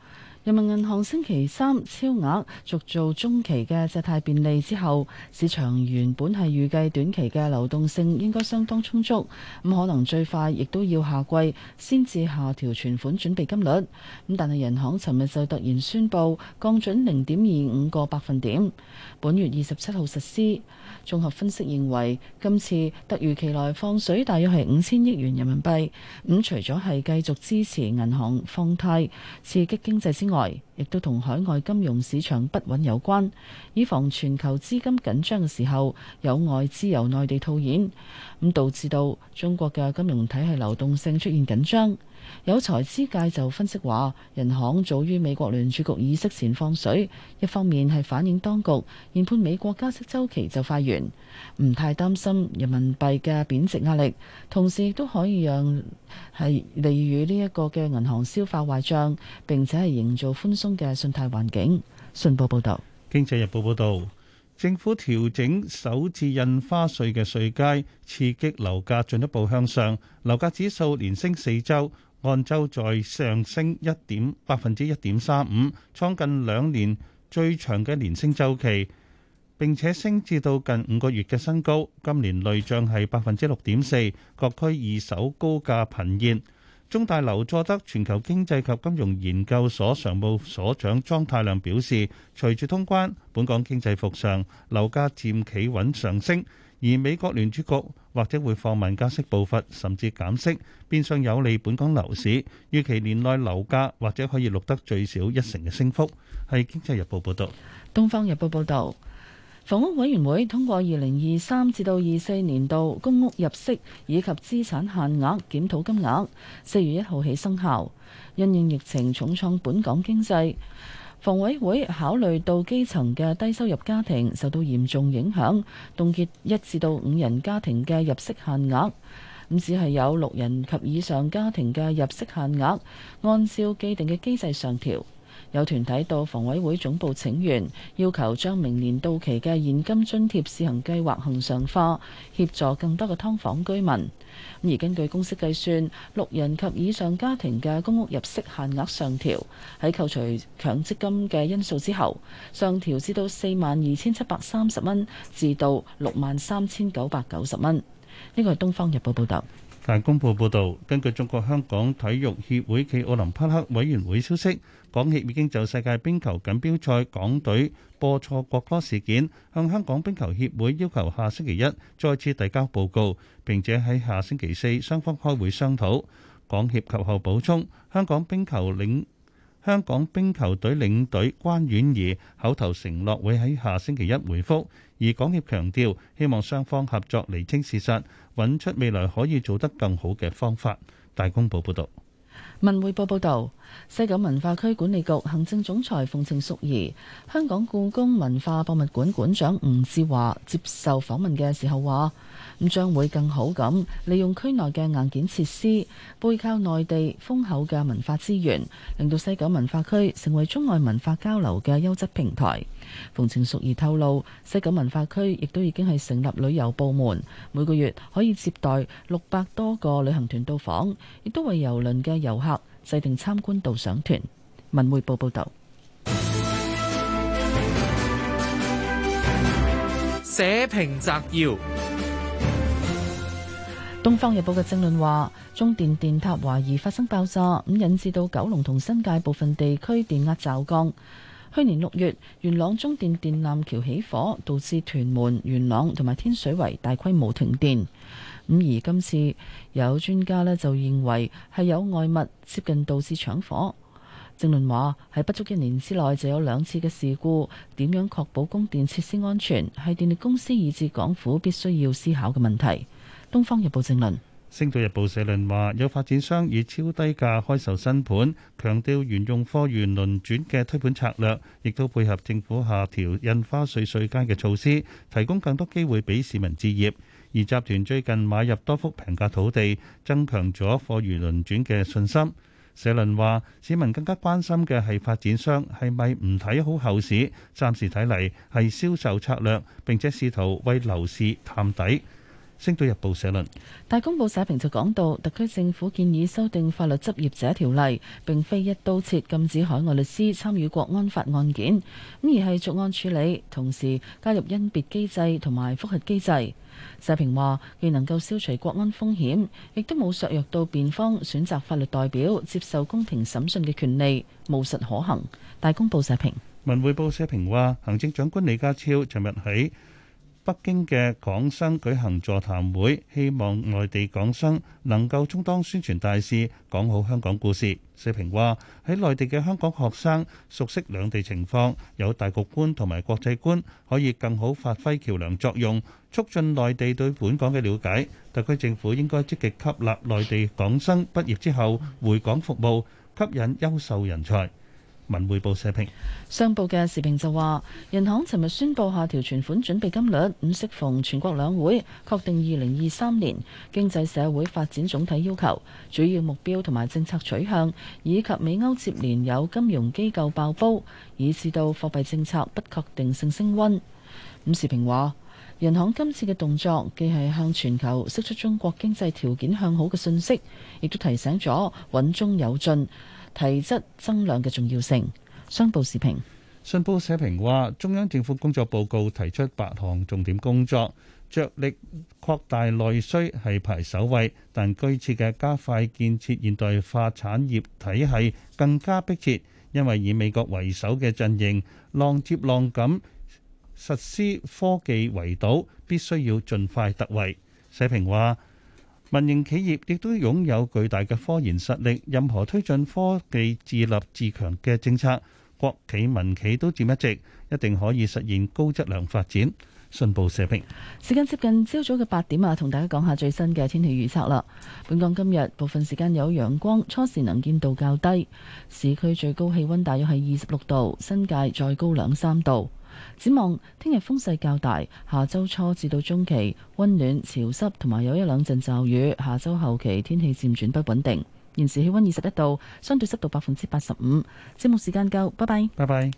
人民銀行星期三超額續做中期嘅借貸便利之後，市場原本係預計短期嘅流動性應該相當充足，咁可能最快亦都要下季先至下調存款準備金率。咁但係人行尋日就突然宣布降準零點二五個百分點，本月二十七號實施。綜合分析認為，今次突如其來放水大約係五千億元人民幣，咁除咗係繼續支持銀行放貸，刺激經濟之外，亦都同海外金融市場不穩有關，以防全球資金緊張嘅時候，有外資由內地套現，咁導致到中國嘅金融體系流動性出現緊張。有財資界就分析話，人行早於美國聯儲局議息前放水，一方面係反映當局研判美國加息周期就快完，唔太擔心人民幣嘅貶值壓力，同時亦都可以讓係利於呢一個嘅銀行消化壞帳，並且係營造寬鬆嘅信貸環境。信報報導，《經濟日報》報道，政府調整首次印花稅嘅稅階，刺激樓價進一步向上，樓價指數連升四周。按周在上升一點百分之一點三五，創近兩年最長嘅連升周期，並且升至到近五個月嘅新高。今年累漲係百分之六點四，各區二手高價頻現，中大劉佐德全球經濟及金融研究所常務所長莊太量表示，隨住通關本港經濟復常，樓價漸企穩上升。而美國聯儲局或者會放慢加息步伐，甚至減息，變相有利本港樓市。預期年內樓價或者可以錄得最少一成嘅升幅。係《經濟日報》報導，《東方日報》報道，房屋委員會通過二零二三至到二四年度公屋入息以及資產限額檢討金額，四月一號起生效。因應疫情重創本港經濟。房委會考慮到基層嘅低收入家庭受到嚴重影響，凍結一至到五人家庭嘅入息限額，咁只係有六人及以上家庭嘅入息限額，按照既定嘅機制上調。有團體到房委會總部請願，要求將明年到期嘅現金津貼試行計劃恆常化，協助更多嘅劏房居民。而根據公式計算，六人及以上家庭嘅公屋入息限額上調，喺扣除強積金嘅因素之後，上調至到四萬二千七百三十蚊至到六萬三千九百九十蚊。呢個係《東方日報》報道。大公報報導，根據中國香港體育協會暨奧林匹克委員會消息。港協已經就世界冰球錦標賽港隊播錯國歌事件，向香港冰球協會要求下星期一再次遞交報告，並且喺下星期四雙方開會商討。港協及後補充，香港冰球領香港冰球隊領隊關婉怡口頭承諾會喺下星期一回覆，而港協強調希望雙方合作釐清事實，揾出未來可以做得更好嘅方法。大公報報導，文匯報報導。西九文化區管理局行政總裁馮程淑儀，香港故宮文化博物館館長吳志華接受訪問嘅時候話：咁將會更好咁，利用區內嘅硬件設施，背靠內地豐厚嘅文化資源，令到西九文化區成為中外文化交流嘅優質平台。馮程淑儀透露，西九文化區亦都已經係成立旅遊部門，每個月可以接待六百多個旅行團到訪，亦都為郵輪嘅遊客，制定參觀導賞團。文匯報報導。社評摘要。《東方日報》嘅政論話：中電電塔懷疑發生爆炸，咁引致到九龍同新界部分地區電壓驟降，降。去年六月，元朗中電電纜橋起火，導致屯門、元朗同埋天水圍大規模停電。咁而今次有專家咧就認為係有外物接近導致搶火。正論話喺不足一年之內就有兩次嘅事故，點樣確保供電設施安全係電力公司以至港府必須要思考嘅問題。《東方日報》正論，《星島日報》社論話有發展商以超低價開售新盤，強調沿用貨源輪轉嘅推盤策略，亦都配合政府下調印花稅稅階嘅措施，提供更多機會俾市民置業。而集團最近買入多幅平價土地，增強咗貨如輪轉嘅信心。社論話，市民更加關心嘅係發展商係咪唔睇好後市，暫時睇嚟係銷售策略，並且試圖為樓市探底。星島日報社論，大公報社評就講到，特區政府建議修訂法律執業者條例，並非一刀切禁止海外律師參與國安法案件，咁而係逐案處理，同時加入甄別機制同埋複核機制。社評話，既能夠消除國安風險，亦都冇削弱到辯方選擇法律代表、接受公平審訊嘅權利，務實可行。大公報社評。文匯報社評話，行政長官李家超尋日喺。北京嘅港生舉行座談會，希望內地港生能夠充當宣傳大使，講好香港故事。社評話：喺內地嘅香港學生熟悉兩地情況，有大局觀同埋國際觀，可以更好發揮橋梁作用，促進內地對本港嘅瞭解。特區政府應該積極吸納內地港生畢業之後回港服務，吸引優秀人才。文匯報社評。商報嘅時評就話，銀行尋日宣布下調存款準備金率，唔適逢全國兩會，確定二零二三年經濟社會發展總體要求、主要目標同埋政策取向，以及美歐接連有金融機構爆煲，以至到貨幣政策不確定性升温。伍時評話，銀行今次嘅動作既係向全球釋出中國經濟條件向好嘅訊息，亦都提醒咗穩中有進提質增量嘅重要性。商報時評。信報社評話，中央政府工作報告提出八項重點工作，着力擴大內需係排首位，但居次嘅加快建設現代化產業體系更加迫切，因為以美國為首嘅陣營浪接浪咁實施科技圍堵，必須要盡快突圍。社評話。民營企業亦都擁有巨大嘅科研實力，任何推進科技自立自強嘅政策，國企、民企都佔一席，一定可以實現高質量發展。信報社評。時間接近朝早嘅八點啊，同大家講下最新嘅天氣預測啦。本港今日部分時間有陽光，初時能見度較低，市區最高氣溫大約係二十六度，新界再高兩三度。展望聽日風勢較大，下周初至到中期溫暖潮濕，同埋有，有一兩陣驟雨。下周後期天氣漸轉不穩定。現時氣溫二十一度，相對濕度百分之八十五。節目時間夠，拜拜。拜拜。